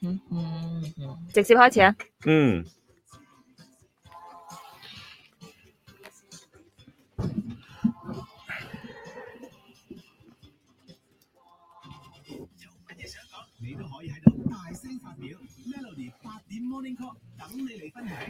嗯嗯嗯，直接開始啊。嗯。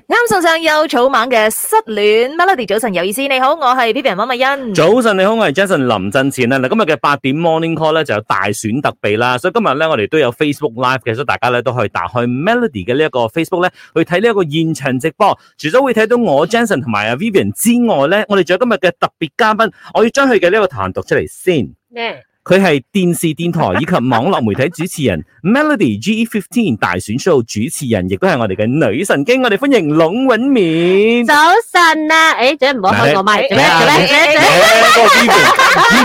啱送上有草蜢嘅失戀 melody，早晨有意思，你好，我係 Vivian 温美欣。早晨你好，我係 Jason 林振前啦。嗱，今日嘅八點 morning call 咧就有大選特備啦，所以今日咧我哋都有 Facebook live 嘅，所以大家咧都可以打開 melody 嘅呢一個 Facebook 咧去睇呢一個現場直播。除咗會睇到我 Jason 同埋阿 Vivian 之外咧，我哋仲有今日嘅特別嘉賓，我要將佢嘅呢個彈讀出嚟先。咩？佢係電視電台以及網絡媒體主持人 Melody G Fifteen 大選 show 主持人，亦都係我哋嘅女神經我哋歡迎龍永冕。早晨啦！誒，最唔好開我麥，呢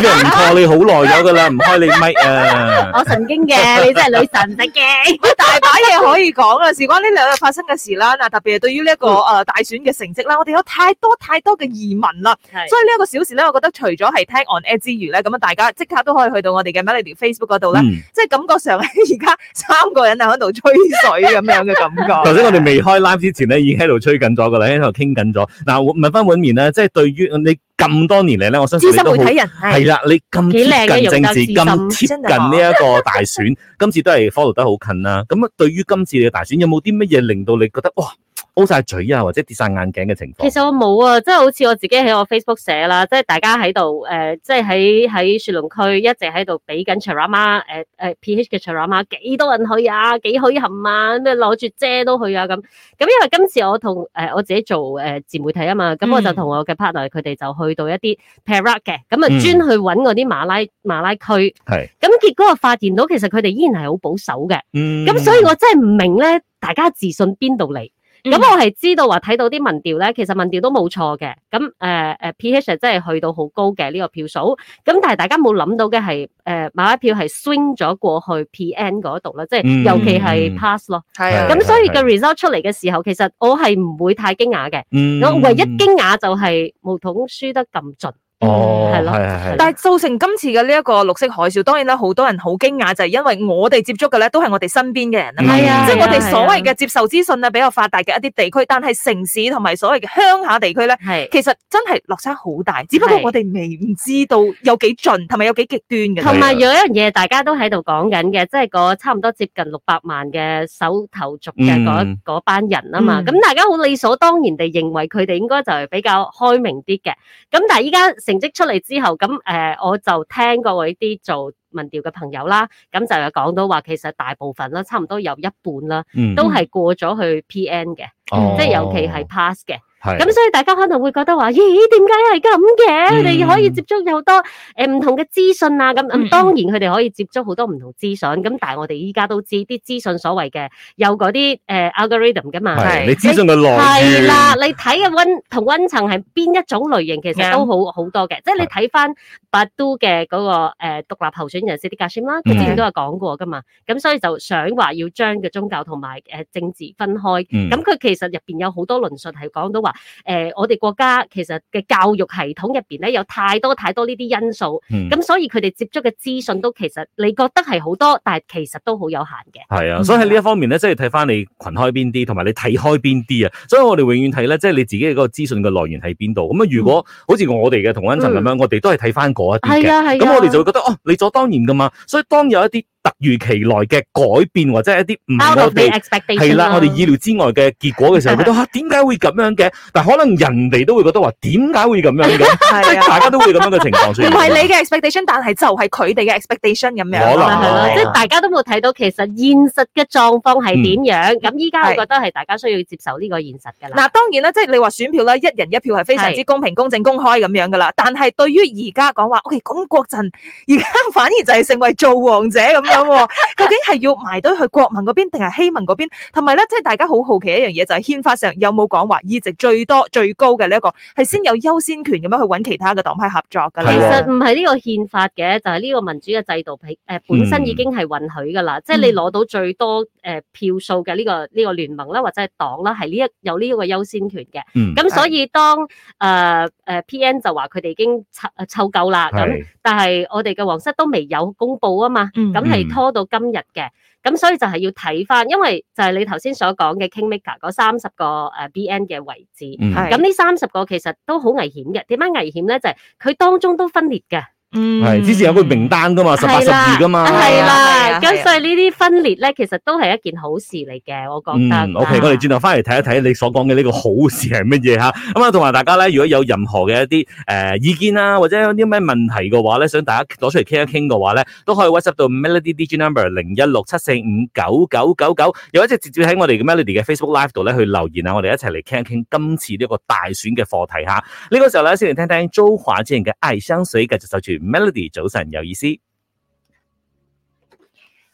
個唔錯，你好耐咗噶啦，唔開你麥啊。我神經嘅，你真係女神，唔使驚，大把嘢可以講啊。事關呢兩日發生嘅事啦，嗱，特別係對於呢一個誒大選嘅成績啦，我哋有太多太多嘅疑問啦。係，所以呢一個小時咧，我覺得除咗係聽 on air 之餘咧，咁啊，大家即刻都可以。去到我哋嘅 My Lady Facebook 度啦，嗯、即係感覺上而家三個人啊喺度吹水咁樣嘅感覺。嗯。頭先我哋未開 live 之前咧，已經喺度吹緊咗噶啦，喺度傾緊咗。嗱，我問翻碗麵咧，即係對於你咁多年嚟咧，我相信你好好。資深媒體人係啦，你咁近政治、咁貼近呢一、啊、個大選，的啊、 今次都係 follow 得好近啦。咁啊，對於今次嘅大選，有冇啲乜嘢令到你覺得哇？煲晒嘴啊，或者跌晒眼鏡嘅情況。其實我冇啊，即係好似我自己喺我 Facebook 寫啦，即係大家喺度誒，即係喺喺雪隆區一直喺度俾緊 ceramah 誒誒 PH 嘅 ceramah 幾多人去啊，幾好含啊，咁攞住遮都去啊咁。咁因為今次我同誒、呃、我自己做誒自媒體啊嘛，咁我就同我嘅 partner 佢哋、嗯、就去到一啲 Perak 嘅，咁啊專去搵嗰啲馬拉馬拉區。係。咁結果我發現到，其實佢哋依然係好保守嘅。嗯。咁所以我真係唔明咧，大家自信邊度嚟？咁、嗯、我係知道話睇到啲民調咧，其實民調都冇錯嘅。咁誒誒、呃、P H 真係去到好高嘅呢、這個票數。咁但係大家冇諗到嘅係，誒、呃，馬拉票係 swing 咗過去 P N 嗰度啦，即、就、係、是、尤其係 PAS 咯。係啊、嗯，咁所以個 res 的 result 出嚟嘅時候，其實我係唔會太驚訝嘅。嗯、我唯一驚訝就係巫統輸得咁盡。哦，係咯，係係係。但係造成今次嘅呢一個綠色海嘯，當然啦，好多人好驚訝，就係、是、因為我哋接觸嘅咧，都係我哋身邊嘅人啦。係啊的，即係的我哋所謂嘅接受資訊啊比較發達嘅一啲地區，但係城市同埋所謂嘅鄉下地區咧，的其實真係落差好大。的只不過我哋未唔知道有幾盡，同埋有幾極端嘅。同埋的有一樣嘢，大家都喺度講緊嘅，即係個差唔多接近六百萬嘅首投族嘅嗰嗰班人啊嘛。咁、嗯、大家好理所當然地認為佢哋應該就係比較開明啲嘅。咁但係依家。成績出嚟之後，咁誒、呃、我就聽過我啲做民調嘅朋友啦，咁就有講到話其實大部分啦，差唔多有一半啦，嗯、都係過咗去 PN 嘅，哦、即係尤其係 pass 嘅。咁是所以大家可能會覺得話，咦，點解係咁嘅？佢哋、嗯、可以接觸好多唔、呃、同嘅資訊啊！咁、嗯嗯、當然佢哋可以接觸好多唔同資訊。咁、嗯、但係我哋依家都知啲資訊所謂嘅有嗰啲誒、呃、algorithm 㗎嘛。你資訊嘅來源係啦，你睇嘅溫同溫層係邊一種類型，其實都好好、嗯、多嘅。即係你睇翻百度嘅嗰個誒、呃、獨立候選人 s 啲架先啦。佢之前都有講過噶嘛。咁、嗯、所以就想話要將個宗教同埋、呃、政治分開。咁佢、嗯、其實入邊有好多論述係講到話。誒、呃，我哋國家其實嘅教育系統入邊咧，有太多太多呢啲因素，咁、嗯、所以佢哋接觸嘅資訊都其實你覺得係好多，但係其實都好有限嘅。係、嗯、啊，所以喺呢一方面咧，即係睇翻你群開邊啲，同埋你睇開邊啲啊。所以我哋永遠睇咧，即、就、係、是、你自己嘅嗰個資訊嘅來源喺邊度。咁啊，如果好似我哋嘅同溫層咁樣，我哋都係睇翻嗰一啲嘅。咁我哋就會覺得哦，理所當然㗎嘛。所以當有一啲。突如其來嘅改變，或者係一啲唔預期，係啦，我哋意料之外嘅結果嘅時候， 的都覺得吓點解會咁樣嘅？但可能人哋都會覺得話點解會咁樣嘅？係啊，大家都會咁樣嘅情況唔係你嘅 expectation，但係就係佢哋嘅 expectation 咁樣啦。即係大家都冇睇到，其實現實嘅狀況係點樣？咁依家我覺得係大家需要接受呢個現實噶啦。嗱、嗯，當然啦，即係你話選票啦，一人一票係非常之公平、公正、公開咁樣噶啦。是的但係對於而家講話，OK 咁郭振而家反而就係成為造王者咁 究竟係要埋堆去國民嗰邊，定係希文嗰邊？同埋咧，即係大家好好奇一樣嘢，就係、是、憲法上有冇講話議席最多最高嘅呢一個係先有優先權咁樣去搵其他嘅黨派合作噶啦？其實唔係呢個憲法嘅，就係、是、呢個民主嘅制度，譬、呃、誒本身已經係允許噶啦，嗯、即係你攞到最多誒、呃、票數嘅呢個呢、這個聯盟啦，或者係黨啦，係呢一有呢個優先權嘅。咁、嗯、所以當誒誒的、呃、P N 就話佢哋已經湊誒湊夠啦，咁的但係我哋嘅皇室都未有公布啊嘛，咁係、嗯。拖到今日嘅，咁所以就係要睇返，因為就係你頭先所講嘅 Kingmaker 嗰三十個誒 B N 嘅位置，咁呢三十個其實都好危險嘅。點解危險咧？就係、是、佢當中都分裂嘅。嗯，係之前有個名單噶嘛，十八十二噶嘛，係啦，咁所以呢啲分裂咧，其實都係一件好事嚟嘅，我覺得。嗯，OK，、啊、我哋轉頭翻嚟睇一睇你所講嘅呢個好事係乜嘢吓，咁、嗯、啊，同埋大家咧，如果有任何嘅一啲誒、呃、意見啊，或者有啲咩問題嘅話咧，想大家攞出嚟傾一傾嘅話咧，都可以 WhatsApp 到 Melody DJ number 零一六七四五九九九九，又或者直接喺我哋嘅 Melody 嘅 Facebook Live 度咧去留言啊，我哋一齊嚟傾一傾今次呢個大選嘅課題吓。呢、這個時候咧，先嚟聽聽周華健嘅《愛香水》，繼續收住 Melody，早晨有意思。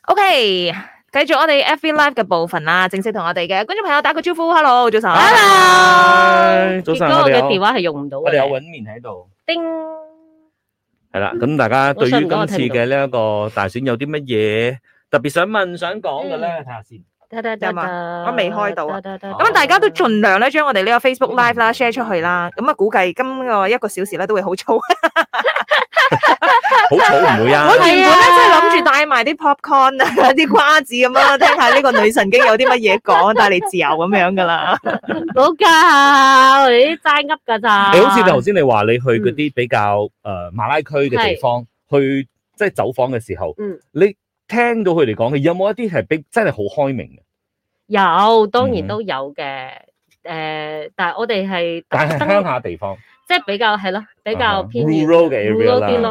OK，繼續我哋 FB Live 嘅部分啦。正式同我哋嘅觀眾朋友打個招呼，Hello，早晨。Hello，早晨，你好。杰哥嘅電話係用唔到啊，有穩面喺度。叮，係啦。咁大家對於今次嘅呢一個大選有啲乜嘢特別想問、想講嘅咧？睇下先。得得我未開到啊。咁大家都盡量咧將我哋呢個 Facebook Live 啦 share 出去啦。咁啊，估計今個一個小時咧都會好粗。好，好唔會啊！我原本咧真係諗住帶埋啲 popcorn 啊，啲瓜子咁樣，聽下呢個女神經有啲乜嘢講，帶你自由咁樣噶啦。好噶，我哋啲齋噏噶咋。你好似頭先你話你去嗰啲比較誒馬拉區嘅地方，去即係走訪嘅時候，嗯，你聽到佢哋講嘅，有冇一啲係比真係好開明嘅？有，當然都有嘅。誒，但係我哋係但係鄉下地方。即係比較係咯，比較偏遠啲咯，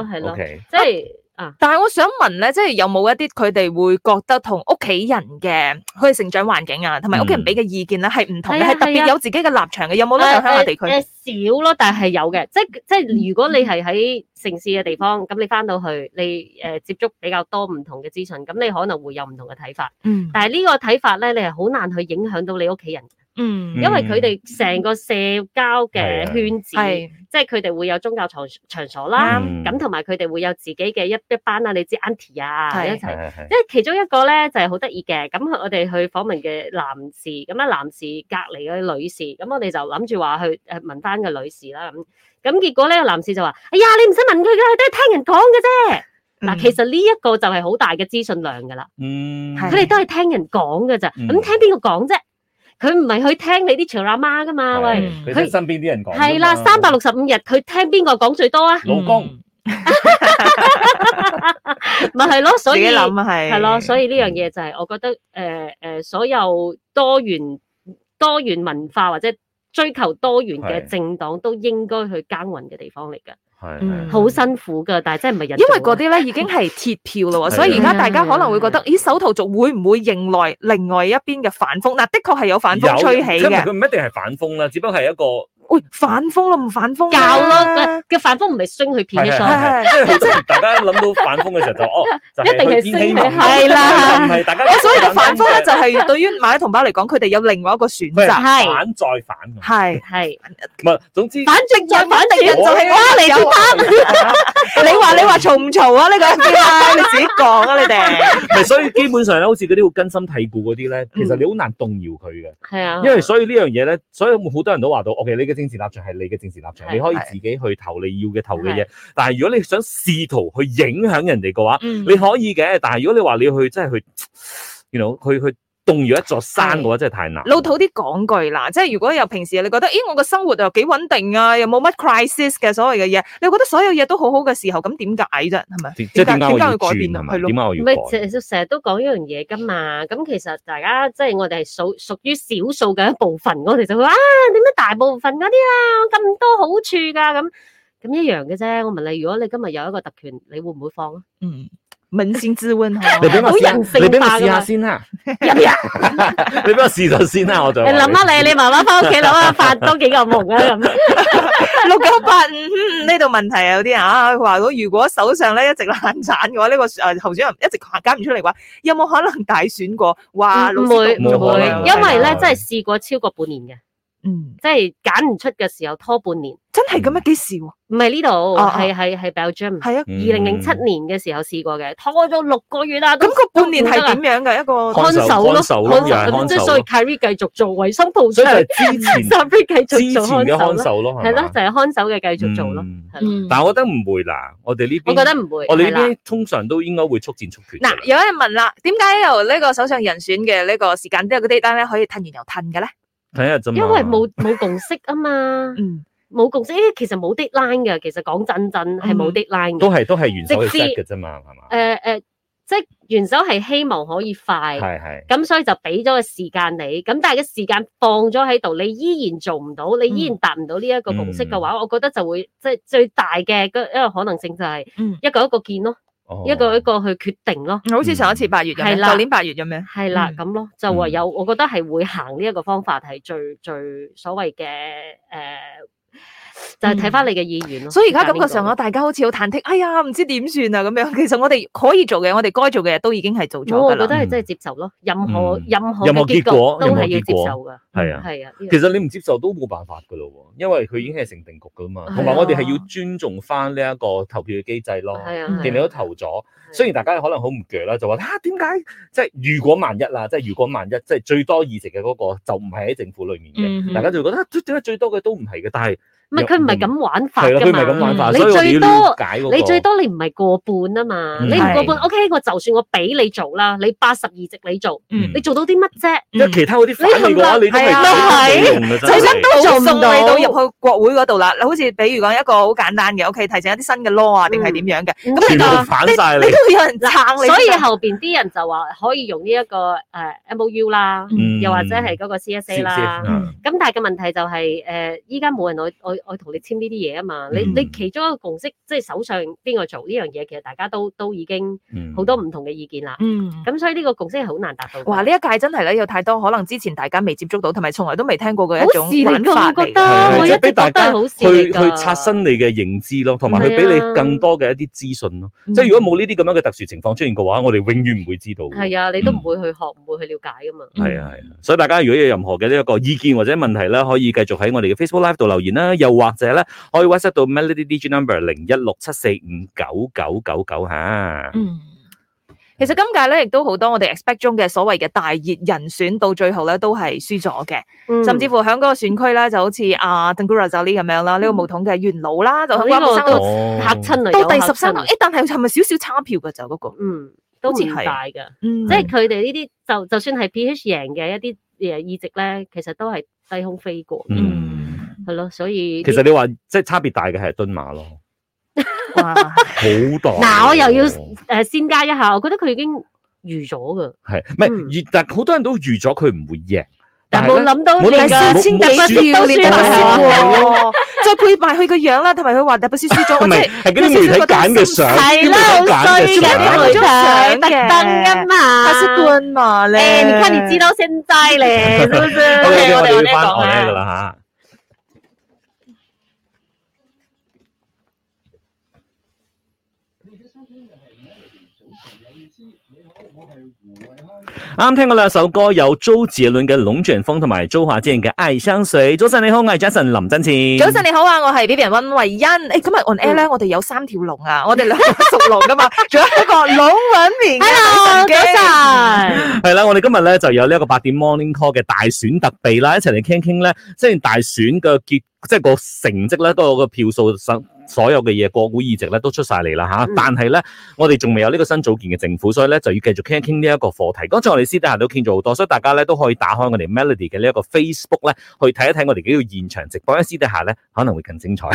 係咯，即係啊！啊啊啊啊但係我想問咧，即、就、係、是、有冇一啲佢哋會覺得同屋企人嘅佢哋成長環境啊，同埋屋企人俾嘅意見咧，係唔同嘅，係、啊啊、特別有自己嘅立場嘅？有冇咧？喺鄉下地區少、啊、咯，但係有嘅，即係即係如果你係喺城市嘅地方，咁你翻到去，你誒、呃、接觸比較多唔同嘅資訊，咁你可能會有唔同嘅睇法。嗯。但係呢個睇法咧，你係好難去影響到你屋企人。嗯，因為佢哋成個社交嘅圈子，係即係佢哋會有宗教場所的場所啦，咁同埋佢哋會有自己嘅一,一班啊，你知 Auntie 啊，的一齊齊。即係其中一個咧就係好得意嘅，咁我哋去訪問嘅男士，咁啊男士隔籬嘅女士，咁我哋就諗住話去誒問翻個女士啦。咁咁結果咧，個男士就話，哎呀，你唔使問佢噶，都係聽人講嘅啫。嗱、嗯，其實呢一個就係好大嘅資訊量噶啦。嗯，佢哋都係聽人講嘅咋，咁聽邊個講啫？嗯佢唔係去聽你啲長阿媽噶嘛？喂，佢身邊啲人講係啦，三百六十五日佢聽邊個講最多啊？老公咪係咯，所以諗係咯，所以呢樣嘢就係我覺得誒誒，所有多元多元文化或者追求多元嘅政黨都應該去耕耘嘅地方嚟噶。係，好、嗯、辛苦噶，但係真係唔係人，因為嗰啲咧已經係鐵票啦， 所以而家大家可能會覺得，咦、啊，手頭仲會唔會迎來另外一邊嘅反風？嗱，的確係有反風吹起嘅，佢唔一定係反風啦，只不過係一個。喂，反風咯，唔反風教咯，叫反風唔係升去偏嘅，所以大家諗到反風嘅時候就哦，一定係升嘅，係啦，唔係大家，所以個反風咧就係對於馬來同胞嚟講，佢哋有另外一個選擇，係反再反，係係，唔係總之反正再反，第日就係瓜嚟瓜唔知，你話你話嘈唔嘈啊？呢個，你自己講啊，你哋，所以基本上咧，好似嗰啲好根深蒂固嗰啲咧，其實你好難動搖佢嘅，係啊，因為所以呢樣嘢咧，所以好多人都話到，OK，你嘅。政治立場係你嘅政治立場，是你可以自己去投你要嘅投嘅嘢。是但係如果你想試圖去影響人哋嘅話，嗯、你可以嘅。但係如果你話你要去真係去，你 you know，去去。動一座山嘅話，我真係太難。老土啲講句啦，即係如果又平時你覺得，咦、哎，我嘅生活又幾穩定啊，又冇乜 crisis 嘅所謂嘅嘢，你覺得所有嘢都好好嘅時候，咁點解啫？係咪？即係點解要轉變？點解我要？成日都講一樣嘢噶嘛？咁其實大家即係我哋屬屬於少數嘅一部分，我哋就話啊，點解大部分嗰啲啊咁多好處噶咁咁一樣嘅啫？我問你，如果你今日有一個特權，你會唔會放啊？嗯。文先知問，好人 性你咁試試下先啦、啊， 你俾我試咗先啦、啊，我就諗啊， 你想你媽媽翻屋企諗啊，媽媽發多幾個夢啊咁。六九八五呢度問題有啲啊，話如果手上咧一直爛賺嘅話，呢、這個啊候選人一直揀唔出嚟嘅話，有冇可能大選過？唔會唔會，沒因為咧、嗯、真係試過超過半年嘅。嗯，即係揀唔出嘅時候拖半年，真係咁樣？幾時？唔係呢度，係係係 Belgium，係啊，二零零七年嘅時候試過嘅，拖咗六個月啦。咁個半年係點樣嘅一個看守咯，就係所以 Kerry 繼續做衛生部長，所以係之前繼續做看守咯。係咯，就係看守嘅繼續做咯。但係我覺得唔會啦，我哋呢邊，我覺得唔會。我哋呢邊通常都應該會速戰速決。嗱，有人問啦，點解由呢個首相人選嘅呢個時間之後嘅 Deadline 咧，可以褪完又褪嘅咧？因為冇冇共識啊嘛，嗯，冇共識，誒，其實冇 deadline 嘅，其實講真真係冇 deadline 嘅，都係都係元首 set 嘅啫嘛，係嘛，誒誒，即係元首係希望可以快，係係，咁所以就俾咗個時間你，咁但係個時間放咗喺度，你依然做唔到，你依然達唔到呢一個共識嘅話，我覺得就會即係最大嘅個一個可能性就係，嗯，一個一個見咯。一個一個去決定咯，嗯、好似上一次八月咁，係啦的，舊年八月咁的、嗯、樣，係啦咁咯，就話有，我覺得係會行呢一個方法係最最所謂嘅誒。呃就係睇翻你嘅意願咯，所以而家感覺上啊，這個、大家好似好忐忑，哎呀，唔知點算啊咁樣。其實我哋可以做嘅，我哋該做嘅嘢都已經係做咗。我啊覺得係真係接受咯、嗯，任何任何任何結果都係要接受噶係啊、嗯，係啊。其實你唔接受都冇辦法噶咯，因為佢已經係成定局噶嘛。同埋、啊、我哋係要尊重翻呢一個投票嘅機制咯。係啊，係啊。都投咗，啊啊、雖然大家可能好唔鋸啦，就話啊，點解即係如果萬一啦，即、就、係、是、如果萬一，即、就、係、是、最多議席嘅嗰個就唔係喺政府裏面嘅，嗯、哼大家就會覺得點解、啊、最多嘅都唔係嘅，但係。唔係佢唔係咁玩法嘅嘛，你最多你最多你唔係過半啊嘛，你唔過半，OK，我就算我俾你做啦，你八十二席你做，你做到啲乜啫？有其他嗰啲反你嘅話，你都係都係，你乜都做唔到，入去國會嗰度啦。嗱，好似比如講一個好簡單嘅，OK，提醒一啲新嘅 law 啊，定係點樣嘅，咁你都反晒你，你都會有人撐你。所以後邊啲人就話可以用呢一個誒，MOU 啦，又或者係嗰個 CSA 啦。咁但係個問題就係誒，依家冇人我我。我同你簽呢啲嘢啊嘛。嗯、你你其中一個共識，即係手上邊個做呢樣嘢，其實大家都都已經好多唔同嘅意見啦。咁、嗯、所以呢個共識係好難達到。哇，呢一屆真係咧有太多可能，之前大家未接觸到，同埋從來都未聽過嘅一種好。好，大家都覺得，即係俾大家好去去刷新你嘅認知咯，同埋去俾你更多嘅一啲資訊咯。即係的、嗯、如果冇呢啲咁樣嘅特殊情況出現嘅話，我哋永遠唔會知道。係啊，你都唔會去學，唔、嗯、會去了解啊嘛。係啊係啊，所以大家如果有任何嘅呢一個意見或者問題咧，可以繼續喺我哋嘅 Facebook Live 度留言啦、啊。又或者咧，可以 WhatsApp 到 Melody DJ Number 零一六七四五九九九九吓。嗯，其實今屆咧亦都好多我哋 expect 中嘅所謂嘅大熱人選，到最後咧都係輸咗嘅。嗯、甚至乎喺嗰個選區咧，就好似阿 Tangura 就呢咁樣啦，呢個巫統嘅元老啦，嗯、就呢個吓親嚟到第十三號。誒、欸，但係係咪少少差票噶？就嗰、那個，嗯，都唔大嘅。嗯、即係佢哋呢啲就就算係 PH 贏嘅一啲誒議席咧，其實都係低空飛過的。嗯。嗯係咯，所以其實你話即係差別大嘅係敦馬咯，哇，好大。嗱，我又要誒先加一下，我覺得佢已經預咗噶。係，唔係，但係好多人都預咗佢唔會贏，但係冇諗到，但係先幾票都輸埋，再配埋佢個樣啦，同埋佢話，特別是輸咗，係啲媒體揀嘅相，係啦，好衰嘅，啲女仔特登噶嘛，係咪敦馬咧？你看你知道現在咧，是不是？OK，我哋我哋講啊。啱聽過兩首歌，有周杰倫嘅《龍捲風》同埋周華健嘅《愛相隨》。早晨你好，我係 Jason 林真前。早晨你好啊，我係 Vivian 溫慧欣。誒，今日 on air 呢、嗯、我哋有三條龍啊，我哋兩個屬龍㗎嘛，仲 有一個龍捲麵啊！早晨，係啦，我哋今日呢就有呢個八點 morning call 嘅大選特備啦，一齊嚟傾傾呢，雖然大選嘅結，即係個成績呢，都、那、有個票數所有嘅嘢，國會議席咧都出晒嚟啦吓，但係咧，我哋仲未有呢個新組建嘅政府，所以咧就要繼續傾一傾呢一個課題。剛才我哋私底下都傾咗好多，所以大家咧都可以打開我哋 Melody 嘅呢一個 Facebook 咧，去睇一睇我哋幾個現場直播喺私底下咧可能會更精，精彩，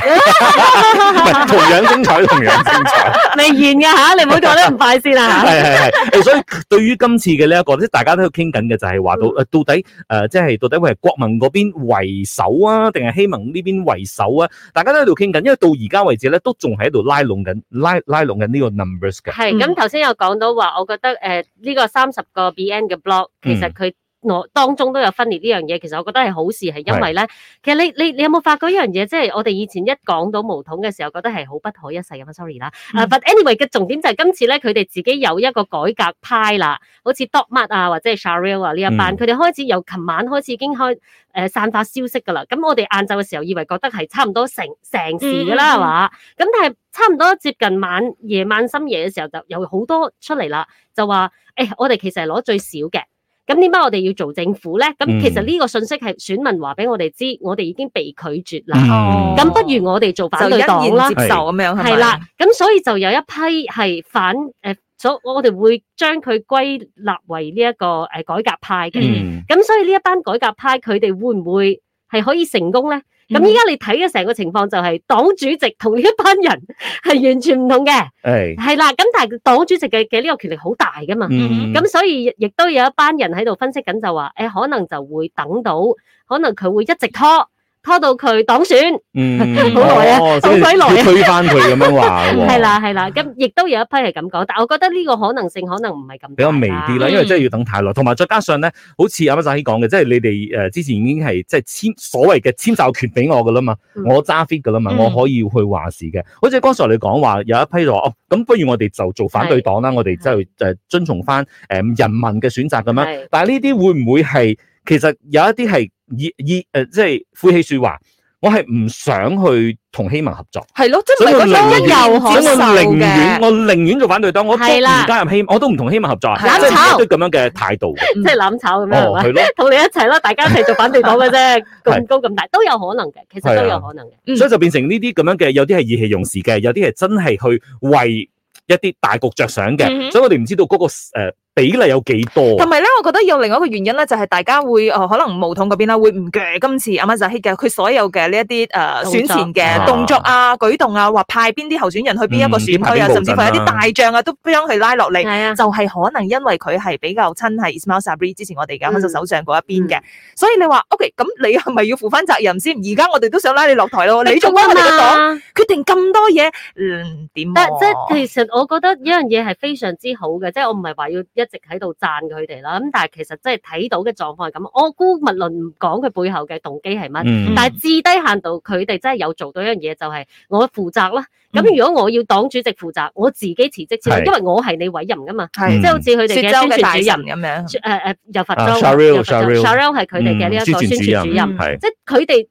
同樣精彩同樣精彩。 未完㗎。吓，你唔好講得咁快先啦 所以對於今次嘅呢一個，即係大家都要傾緊嘅就係話到到底誒即係到底會係國民嗰邊為首啊，定係希盟呢邊為首啊？大家都喺度傾緊，因為到而家。位置咧都仲喺度拉攏緊，拉拉攏緊呢個 numbers 嘅。係咁頭先有講到話，我覺得誒呢、呃這個三十個 BN 嘅 block，其實佢。嗯我當中都有分裂呢樣嘢，其實我覺得係好事，係因為咧，是的 其實你你你有冇發覺一樣嘢？即係我哋以前一講到毛統嘅時候，覺得係好不可一世啊！Sorry 啦、嗯 uh，but anyway 嘅重點就係、是、今次咧，佢哋自己有一個改革派啦，好似 Dogmat 啊或者係 Sharil 啊呢一班，佢哋、嗯、開始由琴晚開始已經開、呃、散發消息㗎啦。咁我哋晏晝嘅時候以為覺得係差唔多成成時㗎啦，係嘛、嗯？咁但係差唔多接近晚夜晚深夜嘅時候，就有好多出嚟啦，就話哎、欸，我哋其實係攞最少嘅。咁點解我哋要做政府咧？咁其實呢個信息，係選民話俾我哋知，我哋已經被拒絕啦。咁、嗯、不如我哋做反對黨啦，就欣然接受咁樣，係啦。咁所以就有一批係反誒、呃，所我我哋會將佢歸納為呢一個誒改革派嘅。咁、嗯、所以呢一班改革派，佢哋會唔會係可以成功咧？咁依家你睇嘅成個情況就係黨主席同一班人係完全唔同嘅，係係啦。咁但係黨主席嘅嘅呢個權力好大噶嘛，咁、嗯、所以亦都有一班人喺度分析緊，就、欸、話可能就會等到，可能佢會一直拖。拖到佢擋選，嗯，好耐啊，好鬼耐啊，推翻佢咁樣話喎，係啦，係啦，咁亦都有一批係咁講，但係我覺得呢個可能性可能唔係咁比較微啲啦，因為真係要等太耐，同埋再加上咧，好似阿乜仔講嘅，即係你哋誒之前已經係即係簽所謂嘅簽召權俾我噶啦嘛，我揸 fit 噶啦嘛，我可以去話事嘅。好似剛才你講話有一批就話哦，咁不如我哋就做反對黨啦，我哋即係誒遵從翻誒人民嘅選擇咁樣。但係呢啲會唔會係？其實有一啲係意意誒，即係晦氣說話，我係唔想去同希盟合作。係咯，所以我寧願，所以我寧願，我寧願做反對黨。係啦，唔加入希，我都唔同希盟合作。攬炒，即係咁樣嘅態度。即係攬炒咁樣。哦，係咯，同你一齊咯，大家一齊做反對黨嘅啫。咁高咁大都有可能嘅，其實都有可能嘅。所以就變成呢啲咁樣嘅，有啲係意氣用事嘅，有啲係真係去為一啲大局着想嘅。所以我哋唔知道嗰個誒。比例有幾多？同埋咧，我覺得有另外一個原因咧，就係大家會誒、呃、可能巫統嗰邊啦，會唔鋸今次阿馬扎希嘅，佢所有嘅呢一啲誒選前嘅動作啊、啊舉動啊，或派邊啲候選人去邊一個選區啊，嗯、啊甚至乎一啲大將啊，啊都將佢拉落嚟，啊、就係可能因為佢係比較親係 Ismail Sabri 之前我哋嘅我手首相嗰一邊嘅，嗯嗯、所以你話 OK 咁你係咪要負翻責任先？而家我哋都想拉你落台咯，你仲屈唔屈到？決定咁多嘢，嗯點？但即係其實我覺得一樣嘢係非常之好嘅，即係我唔係話要。一直喺度讚佢哋啦，咁但係其實真係睇到嘅狀況係咁。我估勿論唔講佢背後嘅動機係乜？但係至低限度佢哋真係有做到一樣嘢，就係我負責啦。咁如果我要黨主席負責，我自己辭職先，因為我係你委任噶嘛。係即係好似佢哋嘅宣傳主任咁樣。誒誒，由佛州，Sheryl 係佢哋嘅呢一個宣傳主任。即係佢哋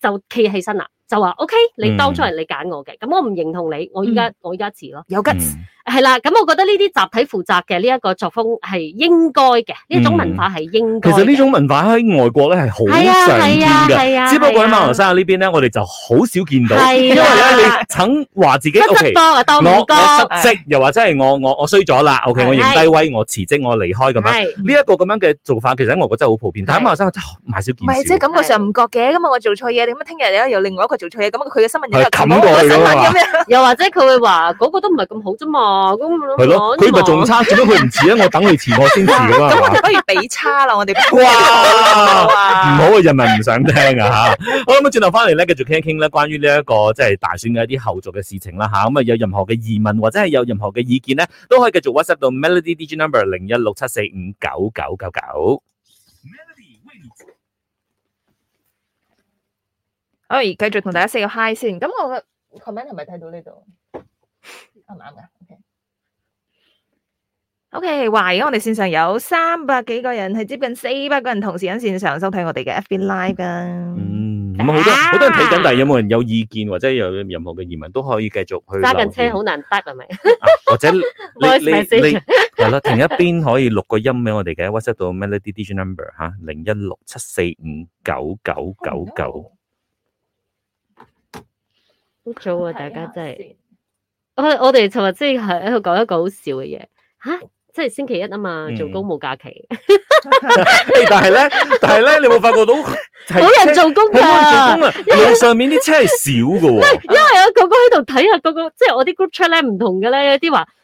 就企起身啦，就話：O K，你當初係你揀我嘅，咁我唔認同你，我依家我依家辭咯。有 guts。係啦，咁我覺得呢啲集體負責嘅呢一個作風係應該嘅，呢種文化係應該。其實呢種文化喺外國咧係好常見嘅，只不過喺馬來西亞呢邊咧，我哋就好少見到，因為咧你曾話自己 OK，我失職，又或者係我我我衰咗啦，OK，我認低威，我辭職，我離開咁樣。呢一個咁樣嘅做法其實喺外國真係好普遍，但喺馬來西亞真係好少見。唔係即係感覺上唔覺嘅，咁啊我做錯嘢，咁啊聽日你有另外一個做錯嘢，咁佢嘅新聞又冚過去咁，又或者佢會話嗰個都唔係咁好啫嘛。係咯，佢咪仲差？做乜佢唔遲咧？我等佢遲 吧、嗯，我先遲噶嘛。咁不如比差啦，我哋嘩。哇！唔好啊，人民唔想聽啊吓。好，咁，轉頭翻嚟咧，繼續傾一傾咧、這個，關於呢一個即係大選嘅一啲後續嘅事情啦吓。咁啊，有任何嘅疑問或者係有任何嘅意見咧，都可以繼續 WhatsApp 到 Melody D J Number 零一六七四五九九九九。好，而喂，繼續同大家 say 個 hi 先。咁我 comment 係咪睇到呢度？啱唔啱噶？O.K.，哇！而家我哋線上有三百幾個人，係接近四百個人同時喺線上收睇我哋嘅 FB Live 噶。嗯，咁啊好多好多人睇緊，但係有冇人有意見或者有任何嘅疑問都可以繼續去。揸緊車好難得係咪？或者你你你係啦，停一邊可以錄個音俾我哋嘅 WhatsApp 到 Melody Digital Number，吓，零一六七四五九九九九。好早啊，大家真係。我我哋尋日即係喺度講一個好笑嘅嘢，吓。即係星期一啊嘛，嗯、做公務假期。 但係咧， 但係咧，你有冇發覺到冇人做工㗎？路上面啲車係少嘅喎、啊。因為有個個喺度睇下個個，即係我啲 group chat 咧唔同嘅咧，有啲話。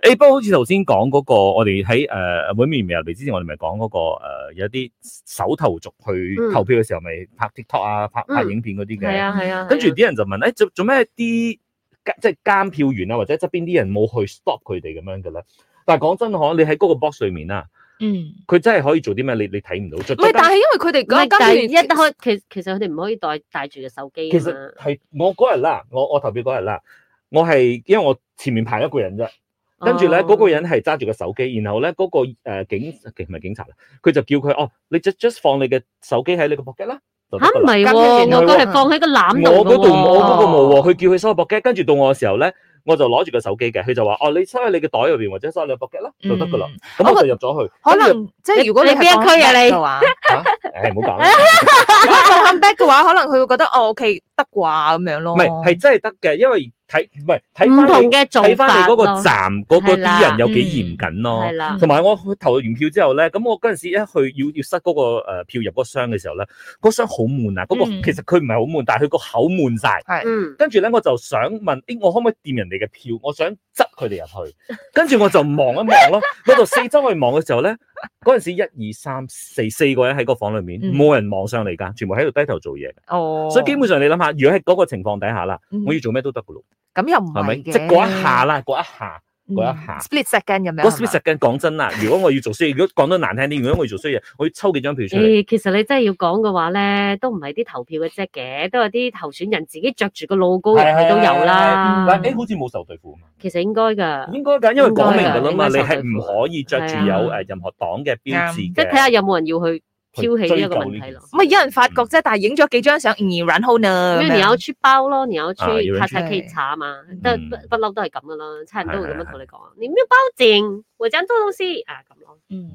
誒、欸，不過好似頭先講嗰個，我哋喺，誒，滿、呃、面未入嚟之前，我哋咪講嗰個誒、呃，有啲首投族去投票嘅時候，咪、嗯、拍 TikTok 啊，拍、嗯、拍影片嗰啲嘅。係啊係啊。跟住啲人就問，誒、欸，做做咩啲即係監票員啊，或者側邊啲人冇去 stop 佢哋咁樣嘅咧？但係講真，可你喺嗰個 box 裏面啦，嗯，佢真係可以做啲咩？你你睇唔到。唔係是，但係是因為佢哋監一開，其其實佢哋唔可以帶帶住嘅手機。其實係我嗰日啦，我我，我投票嗰日啦，我係因為我前面排一個人啫。跟住咧，嗰、那個人係揸住個手機，然後咧嗰、那個、呃、警，其唔係警察啦，佢就叫佢哦，你 just just 放你嘅手機喺你機、啊哦、個博吉啦，嚇唔係喎，係放喺個籃度。我嗰度我嗰個冇喎、哦，佢叫佢收個博吉，跟住到我嘅時候咧，我就攞住個手機嘅，佢就話哦，你收喺你嘅袋入邊或者收喺你博吉啦，就得噶啦。咁、嗯、我就入咗去。可能即係如果你係邊一區啊，你嚇，唔好搞啦。放 back 嘅話，可能佢會覺得哦，OK 得啩咁樣咯。唔係係真係得嘅，因為。睇唔係睇唔同嘅做法，睇翻你嗰個站嗰個啲人有幾嚴謹咯，係啦，同、嗯、埋我去投完票之後咧，咁我嗰陣時一去要要塞嗰個誒票入嗰箱嘅時候咧，嗰、那個、箱好悶啊，嗰、那個、嗯、其實佢唔係好悶，但係佢個口悶晒，係的，跟住咧，我就想問，誒、欸、我可唔可以掂人哋嘅票？我想執佢哋入去，跟住我就望一望咯，我度 四周去望嘅時候咧。嗰陣 時，一二三四四個人喺個房裏面，冇、嗯、人望上嚟噶，全部喺度低頭做嘢。哦，所以基本上你諗下，如果喺嗰個情況底下啦，我要做咩都得噶咯。咁又唔係即係嗰一下啦，嗰、嗯、一下。嗰一下，split second 咁樣，嗰 split second 講真啦，如果我要做衰，如果講得難聽啲，如果我要做衰嘢，我要抽幾張票出嚟。誒，其實你真係要講嘅話咧，都唔係啲投票嘅啫，嘅都有啲投選人自己着住個 logo 嘅都有啦。但係誒，好似冇受對付啊嘛。其實應該噶，應該噶，因為講明噶啦嘛，你係唔可以着住有誒任何黨嘅標誌嘅。即係睇下有冇人要去。挑起呢一個問題咯，咁啊有人發覺啫，但係影咗幾張相，而然後呢？因為你要出包咯，你要出拍晒 K 叉嘛。啊、都不嬲都係咁噶啦，差人、嗯、都會咁樣同你講，是是是是你唔要包正，或者做東西啊咁咯。嗯，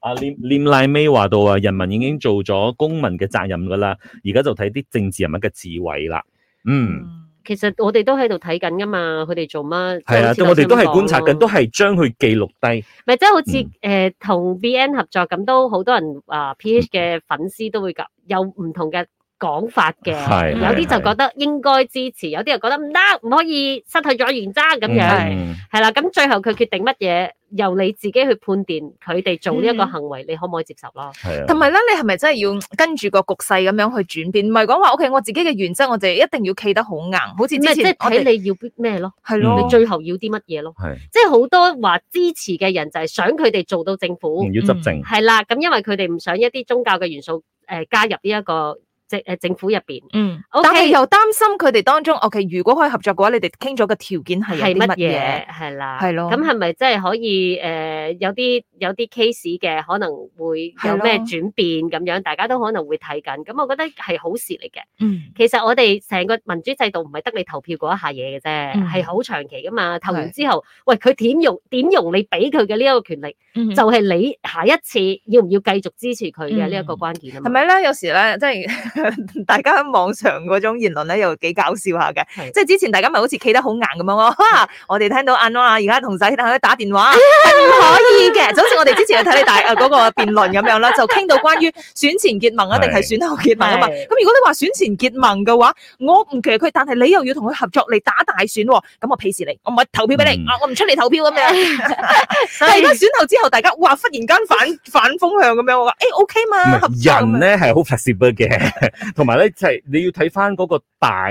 阿念廉賴美話到啊，到人民已經做咗公民嘅責任噶啦，而家就睇啲政治人物嘅智慧啦。嗯。嗯其實我哋都喺度睇緊㗎嘛，佢哋做乜？係啊的，我哋都係觀察緊，都係將佢記錄低。咪即係好似誒同 VN 合作咁，都好多人啊 P H 嘅粉絲都會夾有唔同嘅講法嘅，有啲就覺得應該支持，有啲又覺得唔得，唔可以失去咗原則咁樣，係啦。咁最後佢決定乜嘢，由你自己去判斷。佢哋做呢一個行為，嗯、哼你可唔可以接受咯？係啊的，同埋咧，你係咪真係要跟住個局勢咁樣去轉變？唔係講話 OK，我自己嘅原則，我哋一定要企得好硬，好似即係睇你要咩咯，係咯們，嗯、你最後要啲乜嘢咯？係、嗯，即係好多話支持嘅人就係想佢哋做到政府要執政，係啦。咁因為佢哋唔想一啲宗教嘅元素誒、呃、加入呢、這、一個。政誒政府入邊，嗯，但係又擔心佢哋當中，OK，如果可以合作嘅話，你哋傾咗個條件係係乜嘢？係啦，係咯，咁係咪即係可以誒？有啲有啲 case 嘅可能會有咩轉變咁樣？大家都可能會睇緊。咁我覺得係好事嚟嘅。嗯，其實我哋成個民主制度唔係得你投票嗰一下嘢嘅啫，係好長期噶嘛。投完之後，喂，佢點用點用？你俾佢嘅呢一個權力，就係你下一次要唔要繼續支持佢嘅呢一個關鍵係咪咧？有時咧，即係。 大家喺網上嗰種言論咧，又幾搞笑下嘅。是即係之前大家咪好似企得好硬咁樣咯。 我哋聽到啊嘛，而家同仔打電話係唔 可以嘅。就好似我哋之前睇你大嗰個辯論咁樣啦， 就傾到關於選前結盟啊定係選後結盟啊嘛。咁是如果你話選前結盟嘅話，我唔抗拒佢，但係你又要同佢合作嚟打大選喎，哦，咁我鄙視你，我唔投票俾你、嗯啊、我唔出嚟投票咁樣。 但係而家選後之後，大家哇忽然間反反風向咁樣，我話哎、欸、OK 嘛，合作人咧係好 flexible 嘅。 同埋咧，就係、是、你要睇翻嗰個大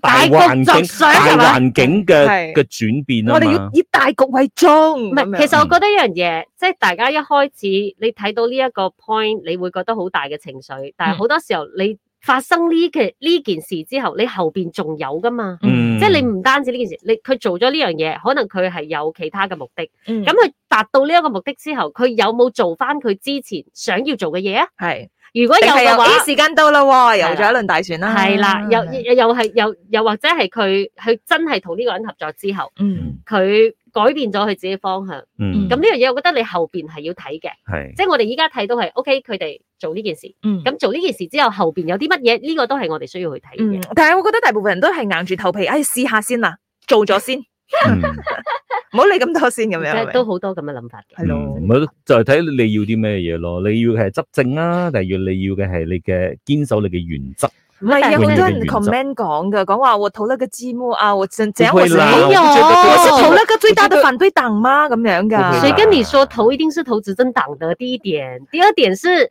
大環境、大環境嘅嘅轉變啊嘛。我哋要以大局為重。唔係是，樣其實我覺得一樣嘢，即係、嗯、大家一開始你睇到呢一個 point，你會覺得好大嘅情緒。但係好多時候、嗯、你發生呢嘅呢件事之後，你後邊仲有噶嘛？即係、嗯、你唔單止呢件事，你佢做咗呢樣嘢，可能佢係有其他嘅目的。咁佢達到呢一個目的之後，佢有冇做翻佢之前想要做嘅嘢啊？係。如果有嘅話，有時間到啦喎，遊咗的一輪大船啦、啊。係啦的、啊，又又又又又或者係佢佢真係同呢個人合作之後，嗯，佢改變咗佢自己嘅方向，嗯，咁呢樣嘢我覺得你後邊係要睇嘅，係、嗯，即係我哋依家睇到係 OK，佢哋做呢件事，嗯，咁做呢件事之後，後邊有啲乜嘢，呢個都係我哋需要去睇嘅、嗯。但係我覺得大部分人都係硬住頭皮，哎，試下先啦，做咗先。嗯 唔好理咁多先，咁樣都好多咁嘅諗法嘅。係咯，唔好就係睇你要啲咩嘢咯。你要嘅係執政啊，定要你要嘅係你嘅堅守你嘅原則。唔係，有好多人 c o m m a n d 講嘅，講話我投那個字幕啊，我怎怎樣？我是沒有，我，我是投那個最大的反對黨嗎？咁樣噶？誰跟你說投一定是投執政黨的？第一點，第二點是。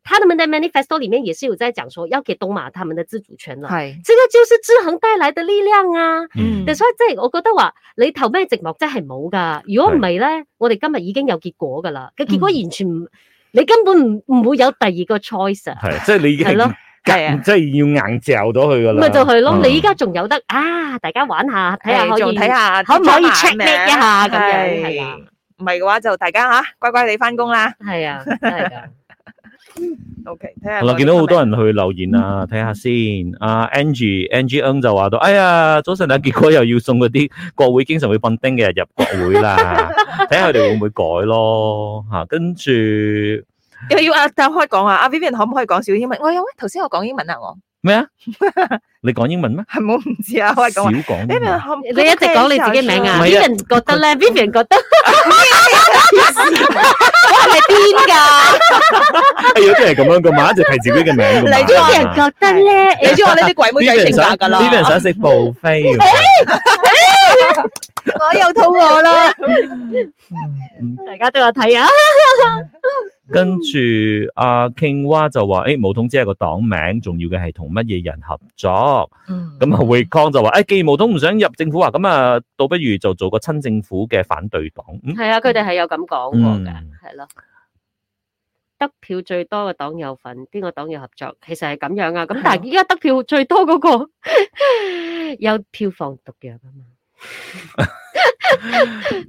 他們的 manifesto 裏面也是有在講，說要給東馬他們的自主權啦。係，這個就是制衡帶來的力量啊。嗯，等於說，我覺得話你投咩直落真係冇噶。如果唔係咧，我哋今日已經有結果噶啦。個結果完全唔，你根本唔唔會有第二個 choice 啊。係，即係你已經係咯，係啊，即係要硬嚼到佢噶啦。咪就係咯，你依家仲有得啊？大家玩下，睇下可以，睇下可唔可以 check back 一下咁樣。唔係嘅話，就大家吓乖乖哋翻工啦。係啊，真係。O K，睇下。我見到好多人去留言啊，睇下先。阿 Angie，Angie Ng 就話到，哎呀，早晨啊，結果又要送嗰啲國會經常會 bounding 嘅人入國會啦。睇下佢哋會唔會改咯吓，跟住又要啊，打開講啊，阿 Vivian 可唔可以講少啲英文？我有啊，頭先我講英文啊我。咩啊？你講英文咩？係冇唔知啊，我係講，啲人你一直講你自己名啊？啲人覺得咧，Vivian 覺得你癲噶？係有啲係咁樣噶嘛，就提自己嘅名。你啲人覺得咧？你啲話呢啲鬼妹食咩噶咯？Vivian 想食 buffet，我又肚餓啦。大家都有睇啊！跟住阿 King 蛙就話，誒，毛通只係個黨名，重要嘅係同乜嘢人合作。咁啊，匯康就話，誒，既然毛通唔想入政府，話咁啊，倒不如就做個親政府嘅反對黨。係啊，佢哋係有咁講過嘅，係咯。得票最多嘅黨有份，邊個黨要合作？其實係咁樣啊。咁但係依家得票最多嗰個有票房毒藥啊嘛。